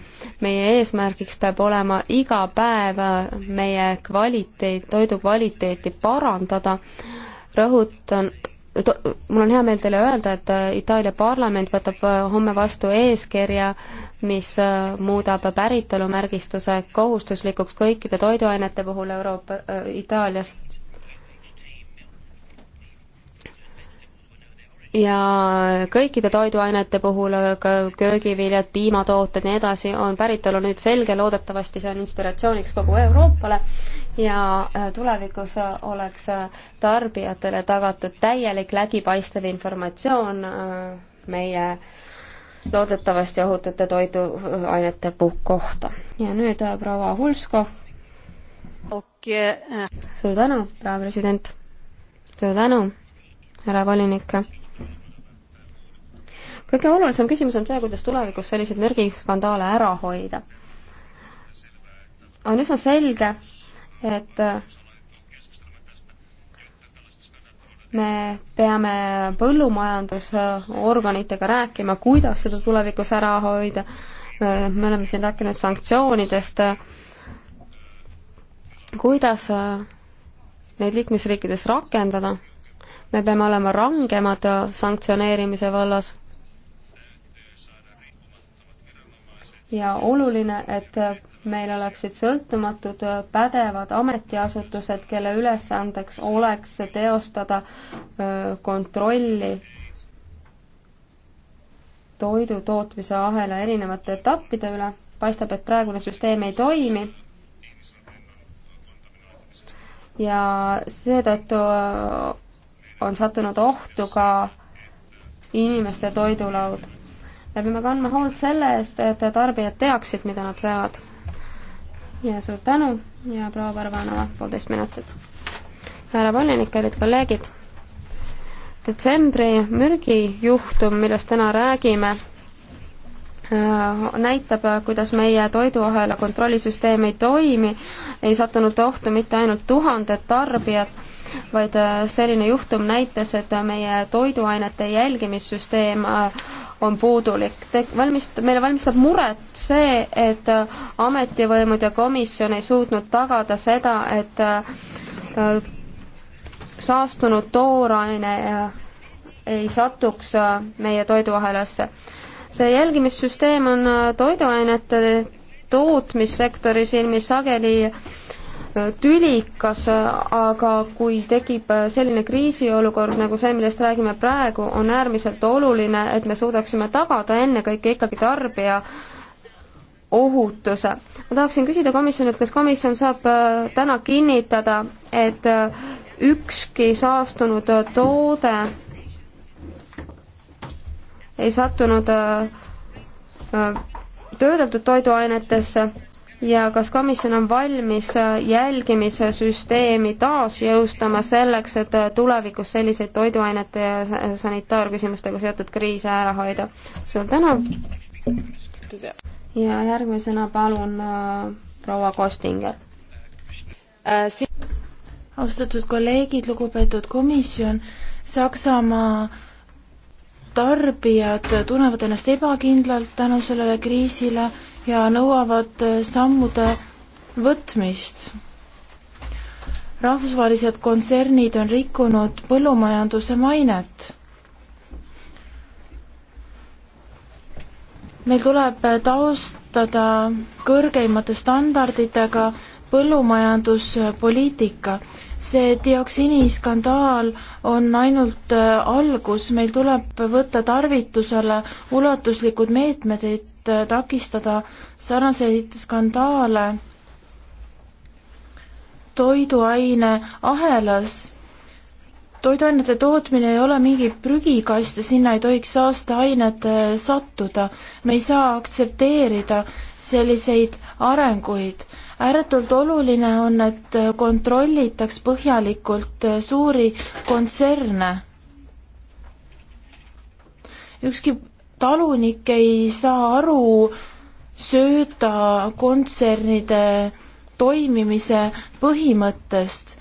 meie eesmärgiks peab olema iga päev äh, meie kvaliteet, toidu kvaliteeti parandada. rõhutan, mul on hea meel teile öelda, et äh, Itaalia parlament võtab äh, homme vastu eeskirja, mis äh, muudab päritolumärgistuse kohustuslikuks kõikide toiduainete puhul Euroopa äh,, Itaalias. ja kõikide toiduainete puhul, ka köögiviljad, piimatooted, nii edasi, on päritolu nüüd selge, loodetavasti see on inspiratsiooniks kogu Euroopale ja äh, tulevikus äh, oleks äh, tarbijatele tagatud täielik läbipaistev informatsioon meie loodetavasti ohutute toiduainete kohta. ja nüüd proua Hulsko. suur tänu, proua president. suur tänu, härra volinik. kõige olulisem küsimus on see, kuidas tulevikus selliseid mürgiskandaale ära hoida. on üsna selge, et me peame põllumajandusorganitega rääkima, kuidas seda tulevikus ära hoida. me oleme siin rääkinud sanktsioonidest. kuidas neid liikmesriikides rakendada? me peame olema rangemad sanktsioneerimise vallas. ja oluline, et meil oleksid sõltumatud pädevad ametiasutused, kelle ülesandeks oleks teostada kontrolli toidu tootmise ahela erinevate etappide üle. paistab, et praegune süsteem ei toimi. ja seetõttu on sattunud ohtu ka inimeste toidulaud. me peame kandma hoolt selle eest, et tarbijad teaksid, mida nad söövad ja suur tänu ja proua Parvanova, poolteist minutit. härra volinik, kallid kolleegid, detsembri mürgijuhtum, millest täna räägime, äh, näitab, kuidas meie toiduahela kontrollisüsteem ei toimi, ei sattunud ohtu mitte ainult tuhanded tarbijad, vaid äh, selline juhtum näitas, et meie toiduainete jälgimissüsteem äh, on puudulik. valmist-, meile valmistab muret see, et äh, ametivõimude komisjon ei suutnud tagada seda, et äh, saastunud tooraine äh, ei satuks meie toiduahelasse. see jälgimissüsteem on toiduainete tootmissektori silmis sageli tülikas, aga kui tekib selline kriisiolukord nagu see, millest räägime praegu, on äärmiselt oluline, et me suudaksime tagada ennekõike ikkagi tarbija ohutuse. ma tahaksin küsida komisjonilt, kas komisjon saab äh, täna kinnitada, et äh, ükski saastunud äh, toode ei sattunud töödeldud toiduainetesse ja kas komisjon on valmis äh, jälgimise süsteemi taasjõustama selleks, et äh, tulevikus selliseid toiduainete ja sanitaarküsimustega seotud kriise ära hoida? suur tänu! ja järgmisena palun äh, proua Kostinger austatud kolleegid, lugupeetud komisjon, Saksamaa tarbijad tunnevad ennast ebakindlalt tänu sellele kriisile ja nõuavad äh, sammude võtmist. rahvusvahelised kontsernid on rikkunud põllumajanduse mainet. meil tuleb äh, taustada kõrgeimate standarditega põllumajanduspoliitika. see dioksiini skandaal on ainult äh, algus, meil tuleb võtta tarvitusele ulatuslikud meetmed, et et takistada sarnaseid skandaale toiduaine ahelas. toiduainete tootmine ei ole mingi prügikast ja sinna ei tohiks saasteained äh, sattuda. me ei saa aktsepteerida selliseid arenguid. ääretult oluline on, et äh, kontrollitaks põhjalikult äh, suuri kontserne. ükski talunik ei saa aru sööta kontsernide toimimise põhimõttest.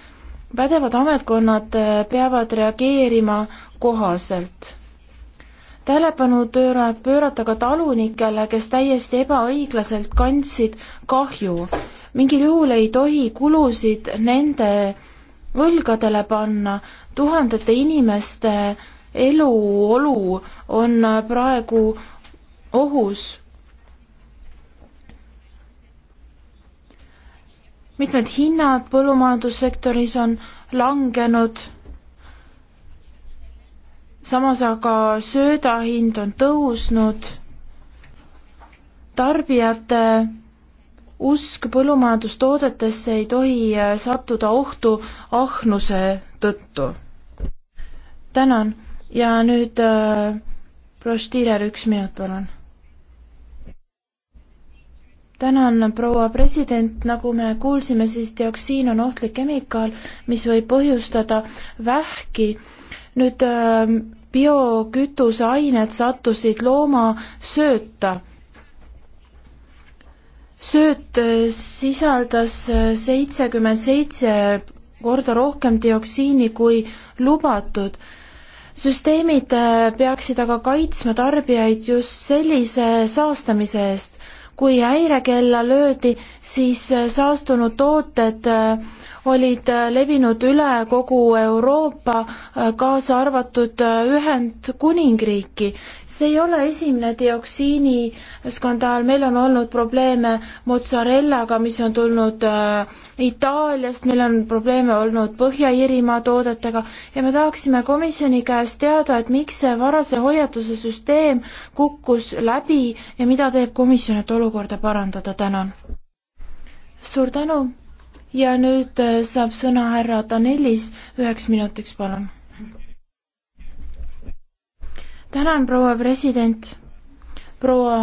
pädevad ametkonnad peavad reageerima kohaselt. tähelepanu pöörab, pöörata ka talunikele, kes täiesti ebaõiglaselt kandsid kahju. mingil juhul ei tohi kulusid nende võlgadele panna tuhandete inimeste eluolu on praegu ohus. mitmed hinnad põllumajandussektoris on langenud, samas aga sööda hind on tõusnud, tarbijate usk põllumajandustoodetesse ei tohi sattuda ohtu ahnuse tõttu. tänan ja nüüd äh, Prostiiler, üks minut, palun. tänan, proua president, nagu me kuulsime, siis dioksiin on ohtlik kemikaal, mis võib põhjustada vähki. nüüd äh, biokütuseained sattusid loomasööta sööt äh, sisaldas äh, seitsekümmend seitse korda rohkem dioksiini kui lubatud süsteemid äh, peaksid aga kaitsma tarbijaid just sellise saastamise eest. kui häirekella löödi, siis äh, saastunud tooted äh, olid äh, levinud üle kogu Euroopa, äh, kaasa arvatud äh, Ühendkuningriiki. see ei ole esimene dioksiini skandaal, meil on olnud probleeme mozzarellaga, mis on tulnud Itaaliast, meil on probleeme olnud Põhja-Iirimaa toodetega ja me tahaksime komisjoni käest teada, et miks see varase hoiatuse süsteem kukkus läbi ja mida teeb komisjon, et olukorda parandada, tänan. suur tänu ja nüüd äh, saab sõna härra Danelis üheks minutiks, palun. tänan, proua president, proua,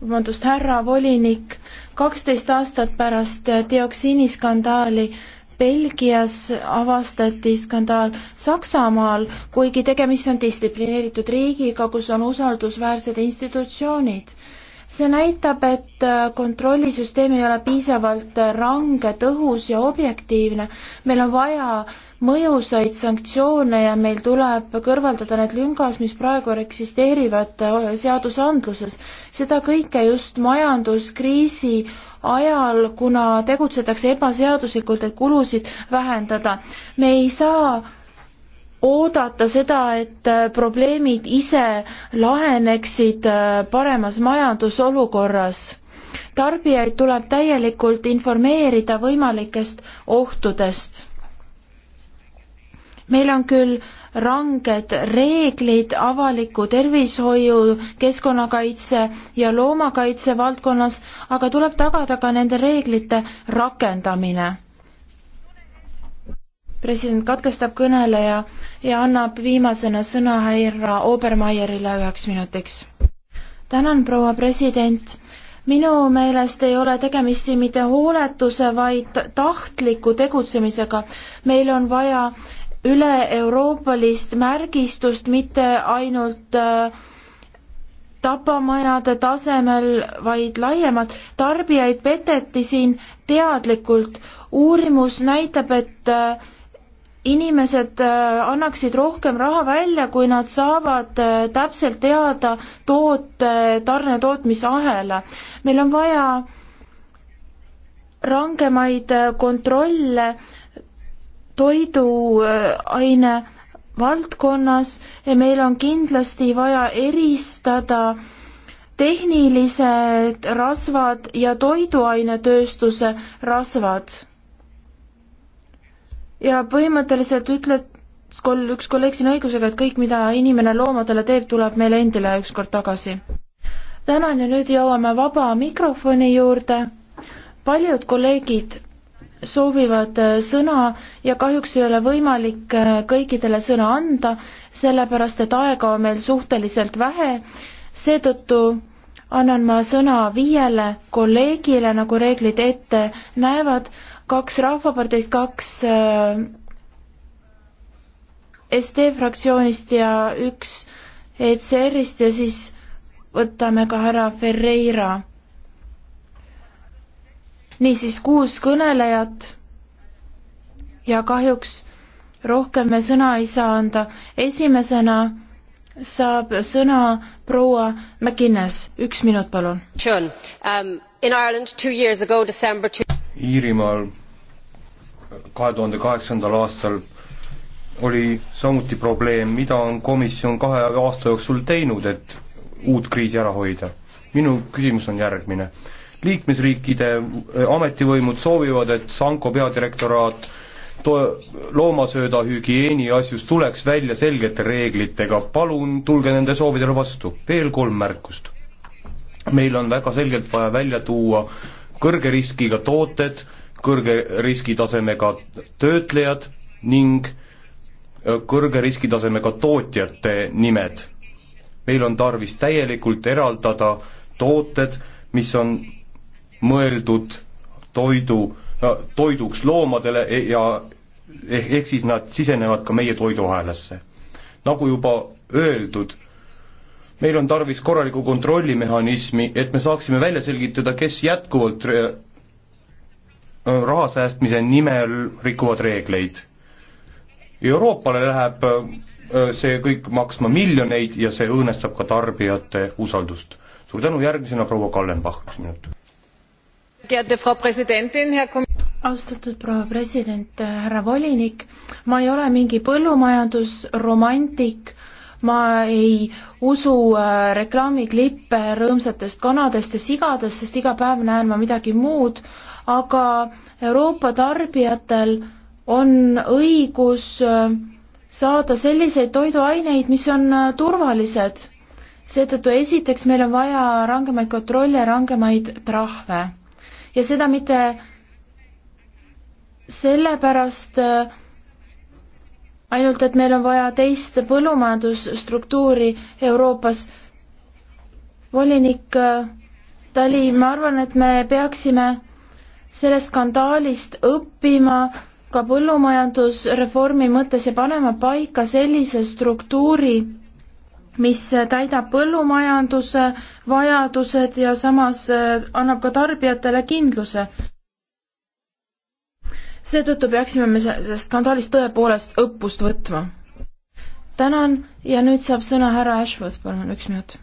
vabandust, härra volinik, kaksteist aastat pärast äh, dioksiiniskandaali Belgias avastati skandaal Saksamaal, kuigi tegemist on distsiplineeritud riigiga, kus on usaldusväärsed institutsioonid see näitab, et äh, kontrollisüsteem ei ole piisavalt äh, range, tõhus ja objektiivne. meil on vaja mõjusaid sanktsioone ja meil tuleb kõrvaldada need lüngas, mis praegu eksisteerivad äh, seadusandluses. seda kõike just majanduskriisi ajal, kuna tegutsetakse ebaseaduslikult, et kulusid vähendada. me ei saa oodata seda, et äh, probleemid ise laheneksid äh, paremas majandusolukorras. tarbijaid tuleb täielikult informeerida võimalikest ohtudest. meil on küll ranged reeglid avaliku tervishoiu, keskkonnakaitse ja loomakaitse valdkonnas, aga tuleb tagada ka nende reeglite rakendamine president katkestab kõneleja ja annab viimasena sõna härra Obermeierile üheks minutiks. tänan, proua president minu meelest ei ole tegemist siin mitte hooletuse, vaid tahtliku tegutsemisega. meil on vaja üle-euroopalist märgistust, mitte ainult äh, tapamajade tasemel, vaid laiemalt. tarbijaid peteti siin teadlikult. uurimus näitab, et äh, inimesed äh, annaksid rohkem raha välja, kui nad saavad äh, täpselt teada toote äh, tarne tootmisahela. meil on vaja rangemaid kontrolle toiduaine valdkonnas ja meil on kindlasti vaja eristada tehnilised rasvad ja toiduainetööstuse rasvad ja põhimõtteliselt ütled, üks kolleeg siin õigusega, et kõik, mida inimene loomadele teeb, tuleb meile endile ükskord tagasi. tänan ja nüüd jõuame vaba mikrofoni juurde. paljud kolleegid soovivad äh, sõna ja kahjuks ei ole võimalik äh, kõikidele sõna anda, sellepärast et aega on meil suhteliselt vähe. seetõttu annan ma sõna viiele kolleegile, nagu reeglid ette näevad kaks Rahvaparteist, kaks äh, SD fraktsioonist ja üks ECR-ist ja siis võtame ka härra Ferreira. niisiis kuus kõnelejat ja kahjuks rohkem me sõna ei saa anda. esimesena saab sõna proua McInnes, üks minut palun. Um, Iirimaal kahe tuhande kaheksandal aastal oli samuti probleem, mida on komisjon kahe aasta jooksul teinud, et uut kriisi ära hoida? minu küsimus on järgmine. liikmesriikide eh, ametivõimud soovivad, et Sanko peadirektoraat to-, loomasööda hügieeni asjus tuleks välja selgete reeglitega, palun tulge nende soovidele vastu. veel kolm märkust. meil on väga selgelt vaja välja tuua kõrge riskiga tooted, kõrge riskitasemega töötlejad ning kõrge riskitasemega tootjate nimed. meil on tarvis täielikult eraldada tooted, mis on mõeldud toidu, toiduks loomadele e-, ja eh-, ehk siis nad sisenevad ka meie toiduahelasse. nagu juba öeldud, meil on tarvis korralikku kontrollimehhanismi, et me saaksime välja selgitada, kes jätkuvalt raha säästmise nimel rikuvad reegleid. Euroopale läheb äh, see kõik maksma miljoneid ja see õõnestab ka tarbijate usaldust. suur tänu, järgmisena proua Kallenbach, üks minut austatud proua president, äh, härra volinik, ma ei ole mingi põllumajandusromantik, ma ei usu äh, reklaamiklippe rõõmsatest kanadest ja sigadest, sest iga päev näen ma midagi muud, aga Euroopa tarbijatel on õigus äh, saada selliseid toiduaineid, mis on äh, turvalised. seetõttu esiteks meil on vaja rangemaid kontrolle, rangemaid trahve ja seda mitte sellepärast äh, ainult, et meil on vaja teist põllumajandusstruktuuri Euroopas. volinik Tali, ma arvan, et me peaksime sellest skandaalist õppima ka põllumajandusreformi mõttes ja panema paika sellise struktuuri, mis täidab põllumajanduse vajadused ja samas äh, annab ka tarbijatele kindluse. seetõttu peaksime me sellest skandaalist tõepoolest õppust võtma. tänan ja nüüd saab sõna härra Ashworth, palun, üks minut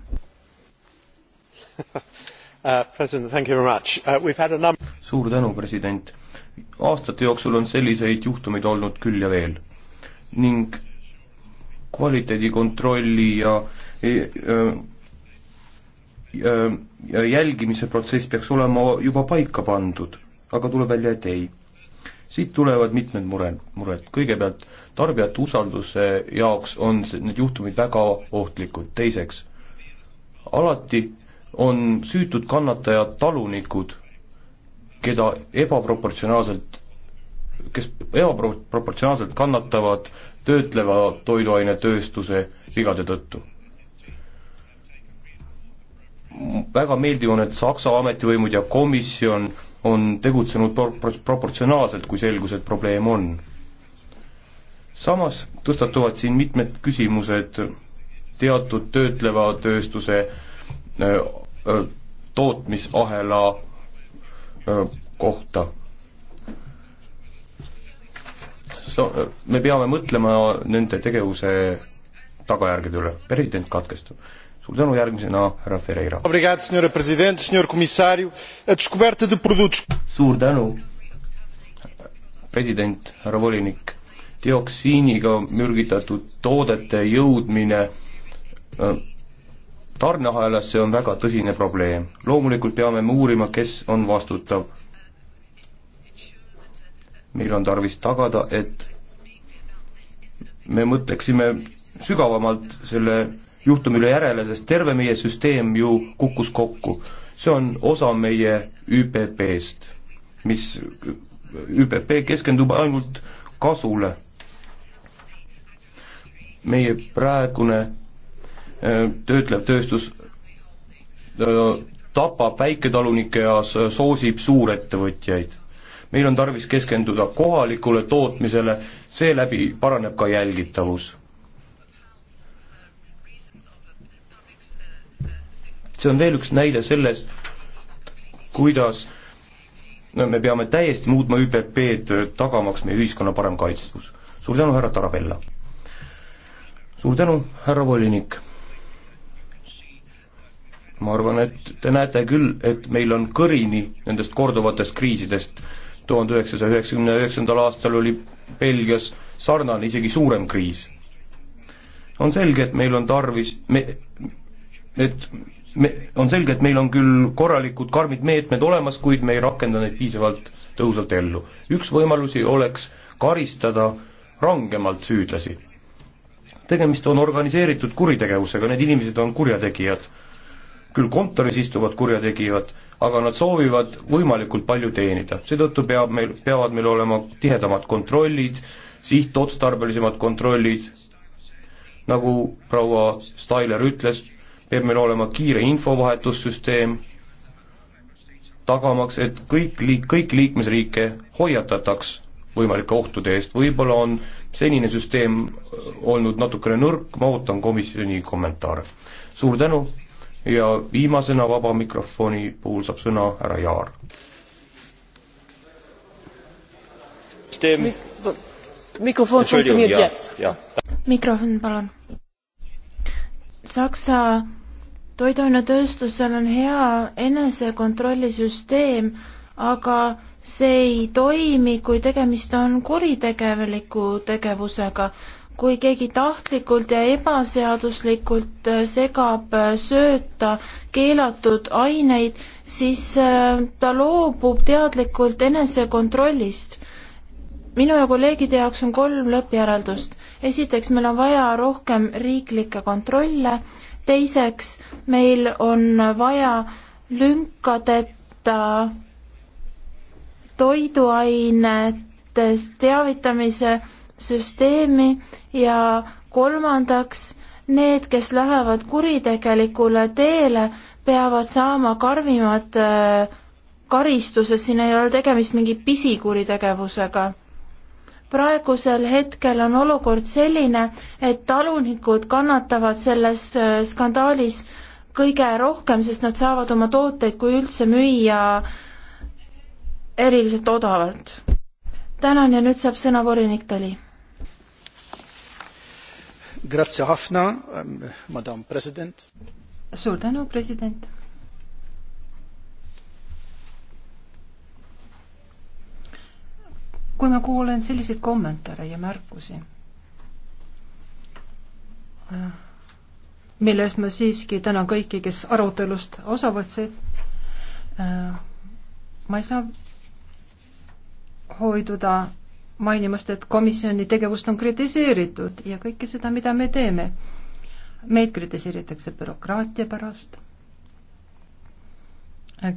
Uh, uh, suur tänu, president. aastate jooksul on selliseid juhtumeid olnud küll ja veel ning kvaliteedikontrolli ja e, e, e, ja jälgimise protsess peaks olema juba paika pandud, aga tuleb välja, et ei. siit tulevad mitmed mure, mured, kõigepealt tarbijate usalduse jaoks on need juhtumid väga ohtlikud, teiseks alati on süütud kannatajad talunikud, keda ebaproportsionaalselt, kes ebaproportsionaalselt kannatavad töötleva toiduainetööstuse vigade tõttu. väga meeldiv on, et Saksa ametivõimud ja komisjon on tegutsenud pro-, proportsionaalselt, kui selgus, et probleem on. samas tõstatuvad siin mitmed küsimused teatud töötleva tööstuse äh, tootmisahela kohta. me peame mõtlema nende tegevuse tagajärgede üle. president katkestab. suur tänu, järgmisena härra Ferreira. suur tänu, president, härra volinik. dioksiiniga mürgitatud toodete jõudmine tarneahelas see on väga tõsine probleem. loomulikult peame me uurima, kes on vastutav. meil on tarvis tagada, et me mõtleksime sügavamalt selle juhtumi üle järele, sest terve meie süsteem ju kukkus kokku. see on osa meie ÜPP-st, mis, ÜPP keskendub ainult kasule. meie praegune Äh, töötlev tööstus äh, tapab väiketalunikke ja äh, soosib suurettevõtjaid. meil on tarvis keskenduda kohalikule tootmisele, seeläbi paraneb ka jälgitavus. see on veel üks näide sellest, kuidas no me peame täiesti muutma ÜPP-d, tagamaks meie ühiskonna parem kaitstus. suur tänu, härra Tarabella! suur tänu, härra volinik! ma arvan, et te näete küll, et meil on kõrini nendest korduvatest kriisidest. tuhande üheksasaja üheksakümne üheksandal aastal oli Belgias sarnane, isegi suurem kriis. on selge, et meil on tarvis, me, et me, on selge, et meil on küll korralikud karmid meetmed olemas, kuid me ei rakenda neid piisavalt tõhusalt ellu. üks võimalusi oleks karistada rangemalt süüdlasi. tegemist on organiseeritud kuritegevusega, need inimesed on kurjategijad küll kontoris istuvad kurjategijad, aga nad soovivad võimalikult palju teenida, seetõttu peab meil, peavad meil olema tihedamad kontrollid, sihtotstarbelisemad kontrollid, nagu proua Stailer ütles, peab meil olema kiire infovahetussüsteem, tagamaks, et kõik liik-, kõiki liikmesriike hoiatataks võimalike ohtude eest, võib-olla on senine süsteem olnud natukene nõrk, ma ootan komisjoni kommentaare. suur tänu! ja viimasena vaba mikrofoni puhul saab sõna härra Jaar. mikrofon, mikrofon, palun. Saksa toiduainetööstusel on hea enesekontrollisüsteem, aga see ei toimi, kui tegemist on kuritegeveliku tegevusega kui keegi tahtlikult ja ebaseaduslikult äh, segab äh, sööta keelatud aineid, siis äh, ta loobub teadlikult enesekontrollist. minu ja kolleegide jaoks on kolm lõppjäreldust. esiteks, meil on vaja rohkem riiklikke kontrolle, teiseks, meil on vaja lünkadeta toiduainetest teavitamise süsteemi ja kolmandaks, need, kes lähevad kuritegelikule teele, peavad saama karmimad äh, karistused, siin ei ole tegemist mingi pisikuritegevusega. praegusel hetkel on olukord selline, et talunikud kannatavad selles äh, skandaalis kõige rohkem, sest nad saavad oma tooteid, kui üldse müüa, eriliselt odavalt. tänan ja nüüd saab sõna volinik Tali Grazie ħafna, um, Madam President. suur tänu, president. kui ma kuulen selliseid kommentaare ja märkusi, äh, mille eest ma siiski tänan kõiki, kes arutelust osa võtsid, äh, ma ei saa hoiduda mainimast, et komisjoni tegevust on kritiseeritud ja kõike seda, mida me teeme. meid kritiseeritakse bürokraatia pärast,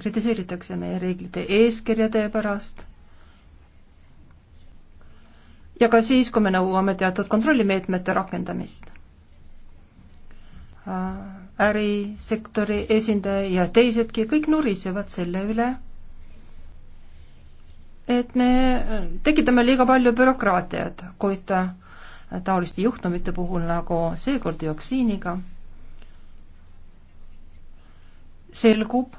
kritiseeritakse meie reeglite eeskirjade pärast ja ka siis, kui me nõuame teatud kontrollimeetmete rakendamist. ärisektori esindaja ja teisedki kõik nurisevad selle üle et me tekitame liiga palju bürokraatiat, kuid taoliste juhtumite puhul nagu seekord dioksiiniga selgub,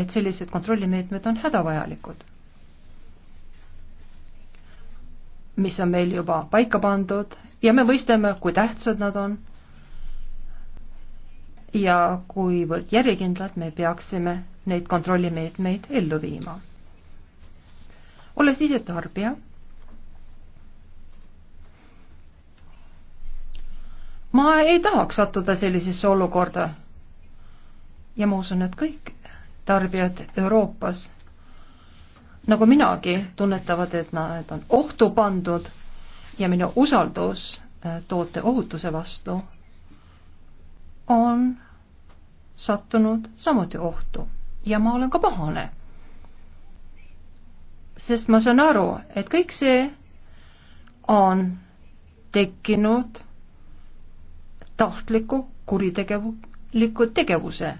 et sellised kontrollimeetmed on hädavajalikud, mis on meil juba paika pandud ja me mõistame, kui tähtsad nad on ja kuivõrd järjekindlad me peaksime neid kontrollimeetmeid ellu viima olles ise tarbija, ma ei tahaks sattuda sellisesse olukorda. ja ma usun, et kõik tarbijad Euroopas nagu minagi tunnetavad, et nad on ohtu pandud ja minu usaldus äh, toote ohutuse vastu on sattunud samuti ohtu ja ma olen ka pahane sest ma saan aru, et kõik see on tekkinud tahtliku kuritegevliku tegevuse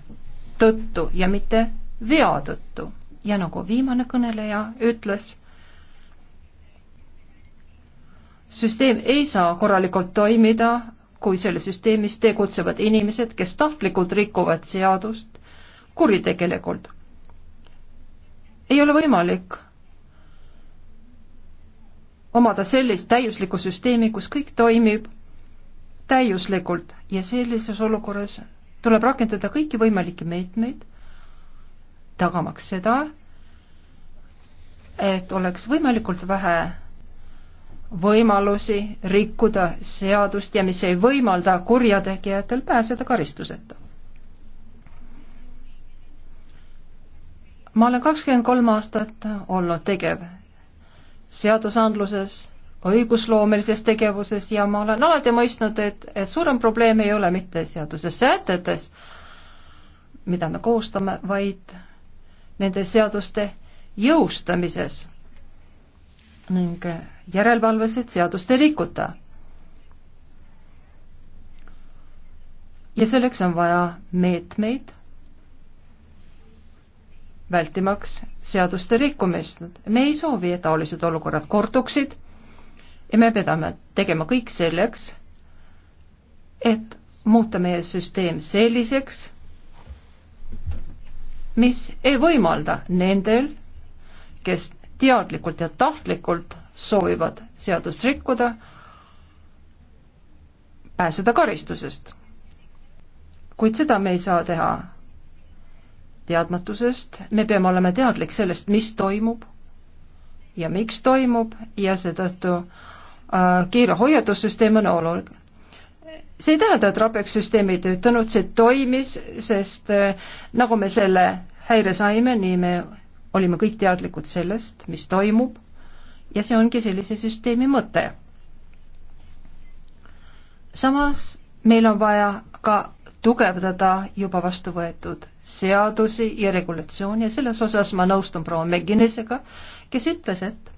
tõttu ja mitte vea tõttu. ja nagu viimane kõneleja ütles, süsteem ei saa korralikult toimida, kui selles süsteemis tegutsevad inimesed, kes tahtlikult rikuvad seadust kuritegelikult. ei ole võimalik omada sellist täiuslikku süsteemi, kus kõik toimib täiuslikult ja sellises olukorras tuleb rakendada kõiki võimalikke meetmeid, tagamaks seda, et oleks võimalikult vähe võimalusi rikkuda seadust ja mis ei võimalda kurjategijatel pääseda karistuseta. ma olen kakskümmend kolm aastat olnud tegev seadusandluses, õigusloomelises tegevuses ja ma olen alati mõistnud, et, et suurem probleem ei ole mitte seaduses sätetes, mida me koostame, vaid nende seaduste jõustamises ning järelevalves, et seadust ei rikuta. ja selleks on vaja meetmeid, vältimaks seaduste rikkumist. me ei soovi, et taolised olukorrad korduksid ja me peame tegema kõik selleks, et muuta meie süsteem selliseks, mis ei võimalda nendel, kes teadlikult ja tahtlikult soovivad seadust rikkuda, pääseda karistusest. kuid seda me ei saa teha teadmatusest, me peame olema teadlik sellest, mis toimub ja miks toimub ja seetõttu äh, kiire hoiatussüsteem on oluline. see ei tähenda, et RAPEX süsteem ei töötanud, see toimis, sest äh, nagu me selle häire saime, nii me olime kõik teadlikud sellest, mis toimub ja see ongi sellise süsteemi mõte. samas meil on vaja ka tugevdada juba vastu võetud seadusi ja regulatsioone ja selles osas ma nõustun proua McGinnisega, kes ütles, et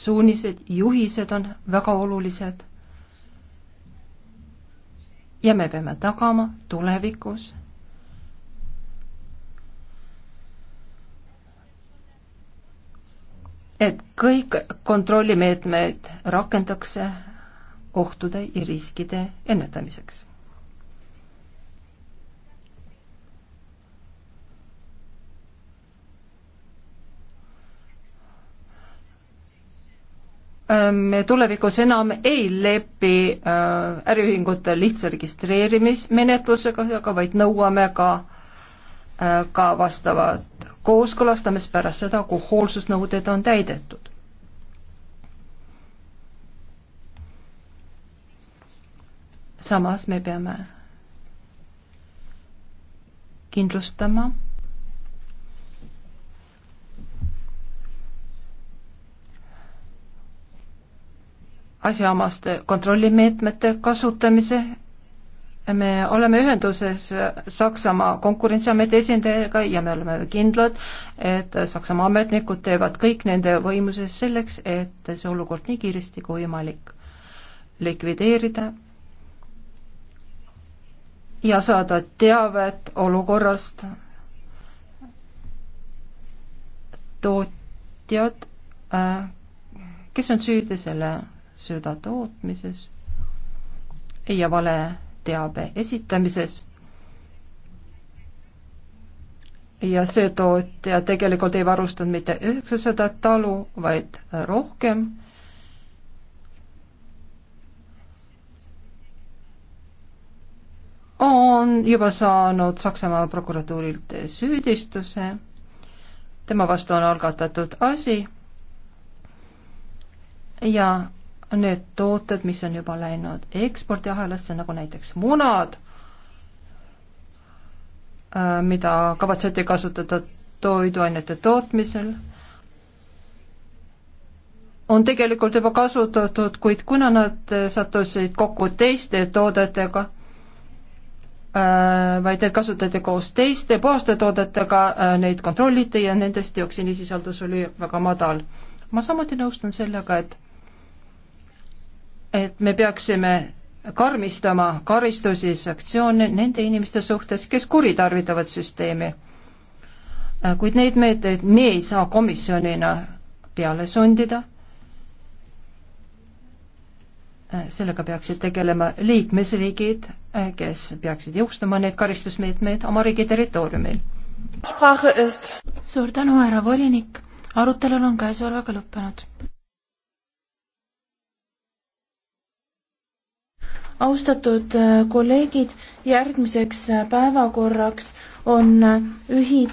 suunised, juhised on väga olulised. ja me peame tagama tulevikus et kõik kontrollimeetmed rakendatakse ohtude ja riskide ennetamiseks Ehm, me tulevikus enam ei lepi ehm, äriühingute lihtsa registreerimismenetlusega, aga vaid nõuame ka, ehm, ka vastavat kooskõlastamist pärast seda, kui hoolsusnõuded on täidetud. samas me peame kindlustama asjaomaste kontrollimeetmete kasutamise. me oleme ühenduses Saksamaa konkurentsiameti esindajaga ja me oleme kindlad, et Saksamaa ametnikud teevad kõik nende võimuses selleks, et see olukord nii kiiresti kui võimalik likvideerida ja saada teavet olukorrast tootjad, äh, kes on süüdi selle sööda tootmises ja valeteabe esitamises. ja see tootja tegelikult ei varustanud mitte üheksasadat talu, vaid rohkem. on juba saanud Saksamaa prokuratuurilt süüdistuse, tema vastu on algatatud asi ja need tooted, mis on juba läinud ekspordiahelasse, nagu näiteks munad, äh, mida kavatseti kasutada toiduainete tootmisel, on tegelikult juba kasutatud, kuid kuna nad sattusid kokku teiste toodetega, äh, vaid need kasutati koos teiste puhaste toodetega, äh, neid kontrolliti ja nendest dioksiinisisaldus oli väga madal. ma samuti nõustun sellega, et et me peaksime karmistama karistusi, sanktsioone nende inimeste suhtes, kes kuritarvitavad süsteemi. kuid neid meetmeid me ei saa komisjonina peale sundida. sellega peaksid tegelema liikmesriigid, kes peaksid jõustama neid karistusmeetmeid oma riigi territooriumil. suur tänu, härra volinik, arutelul on käesolevaga lõppenud. austatud äh, kolleegid, järgmiseks äh, päevakorraks on äh, ühi-,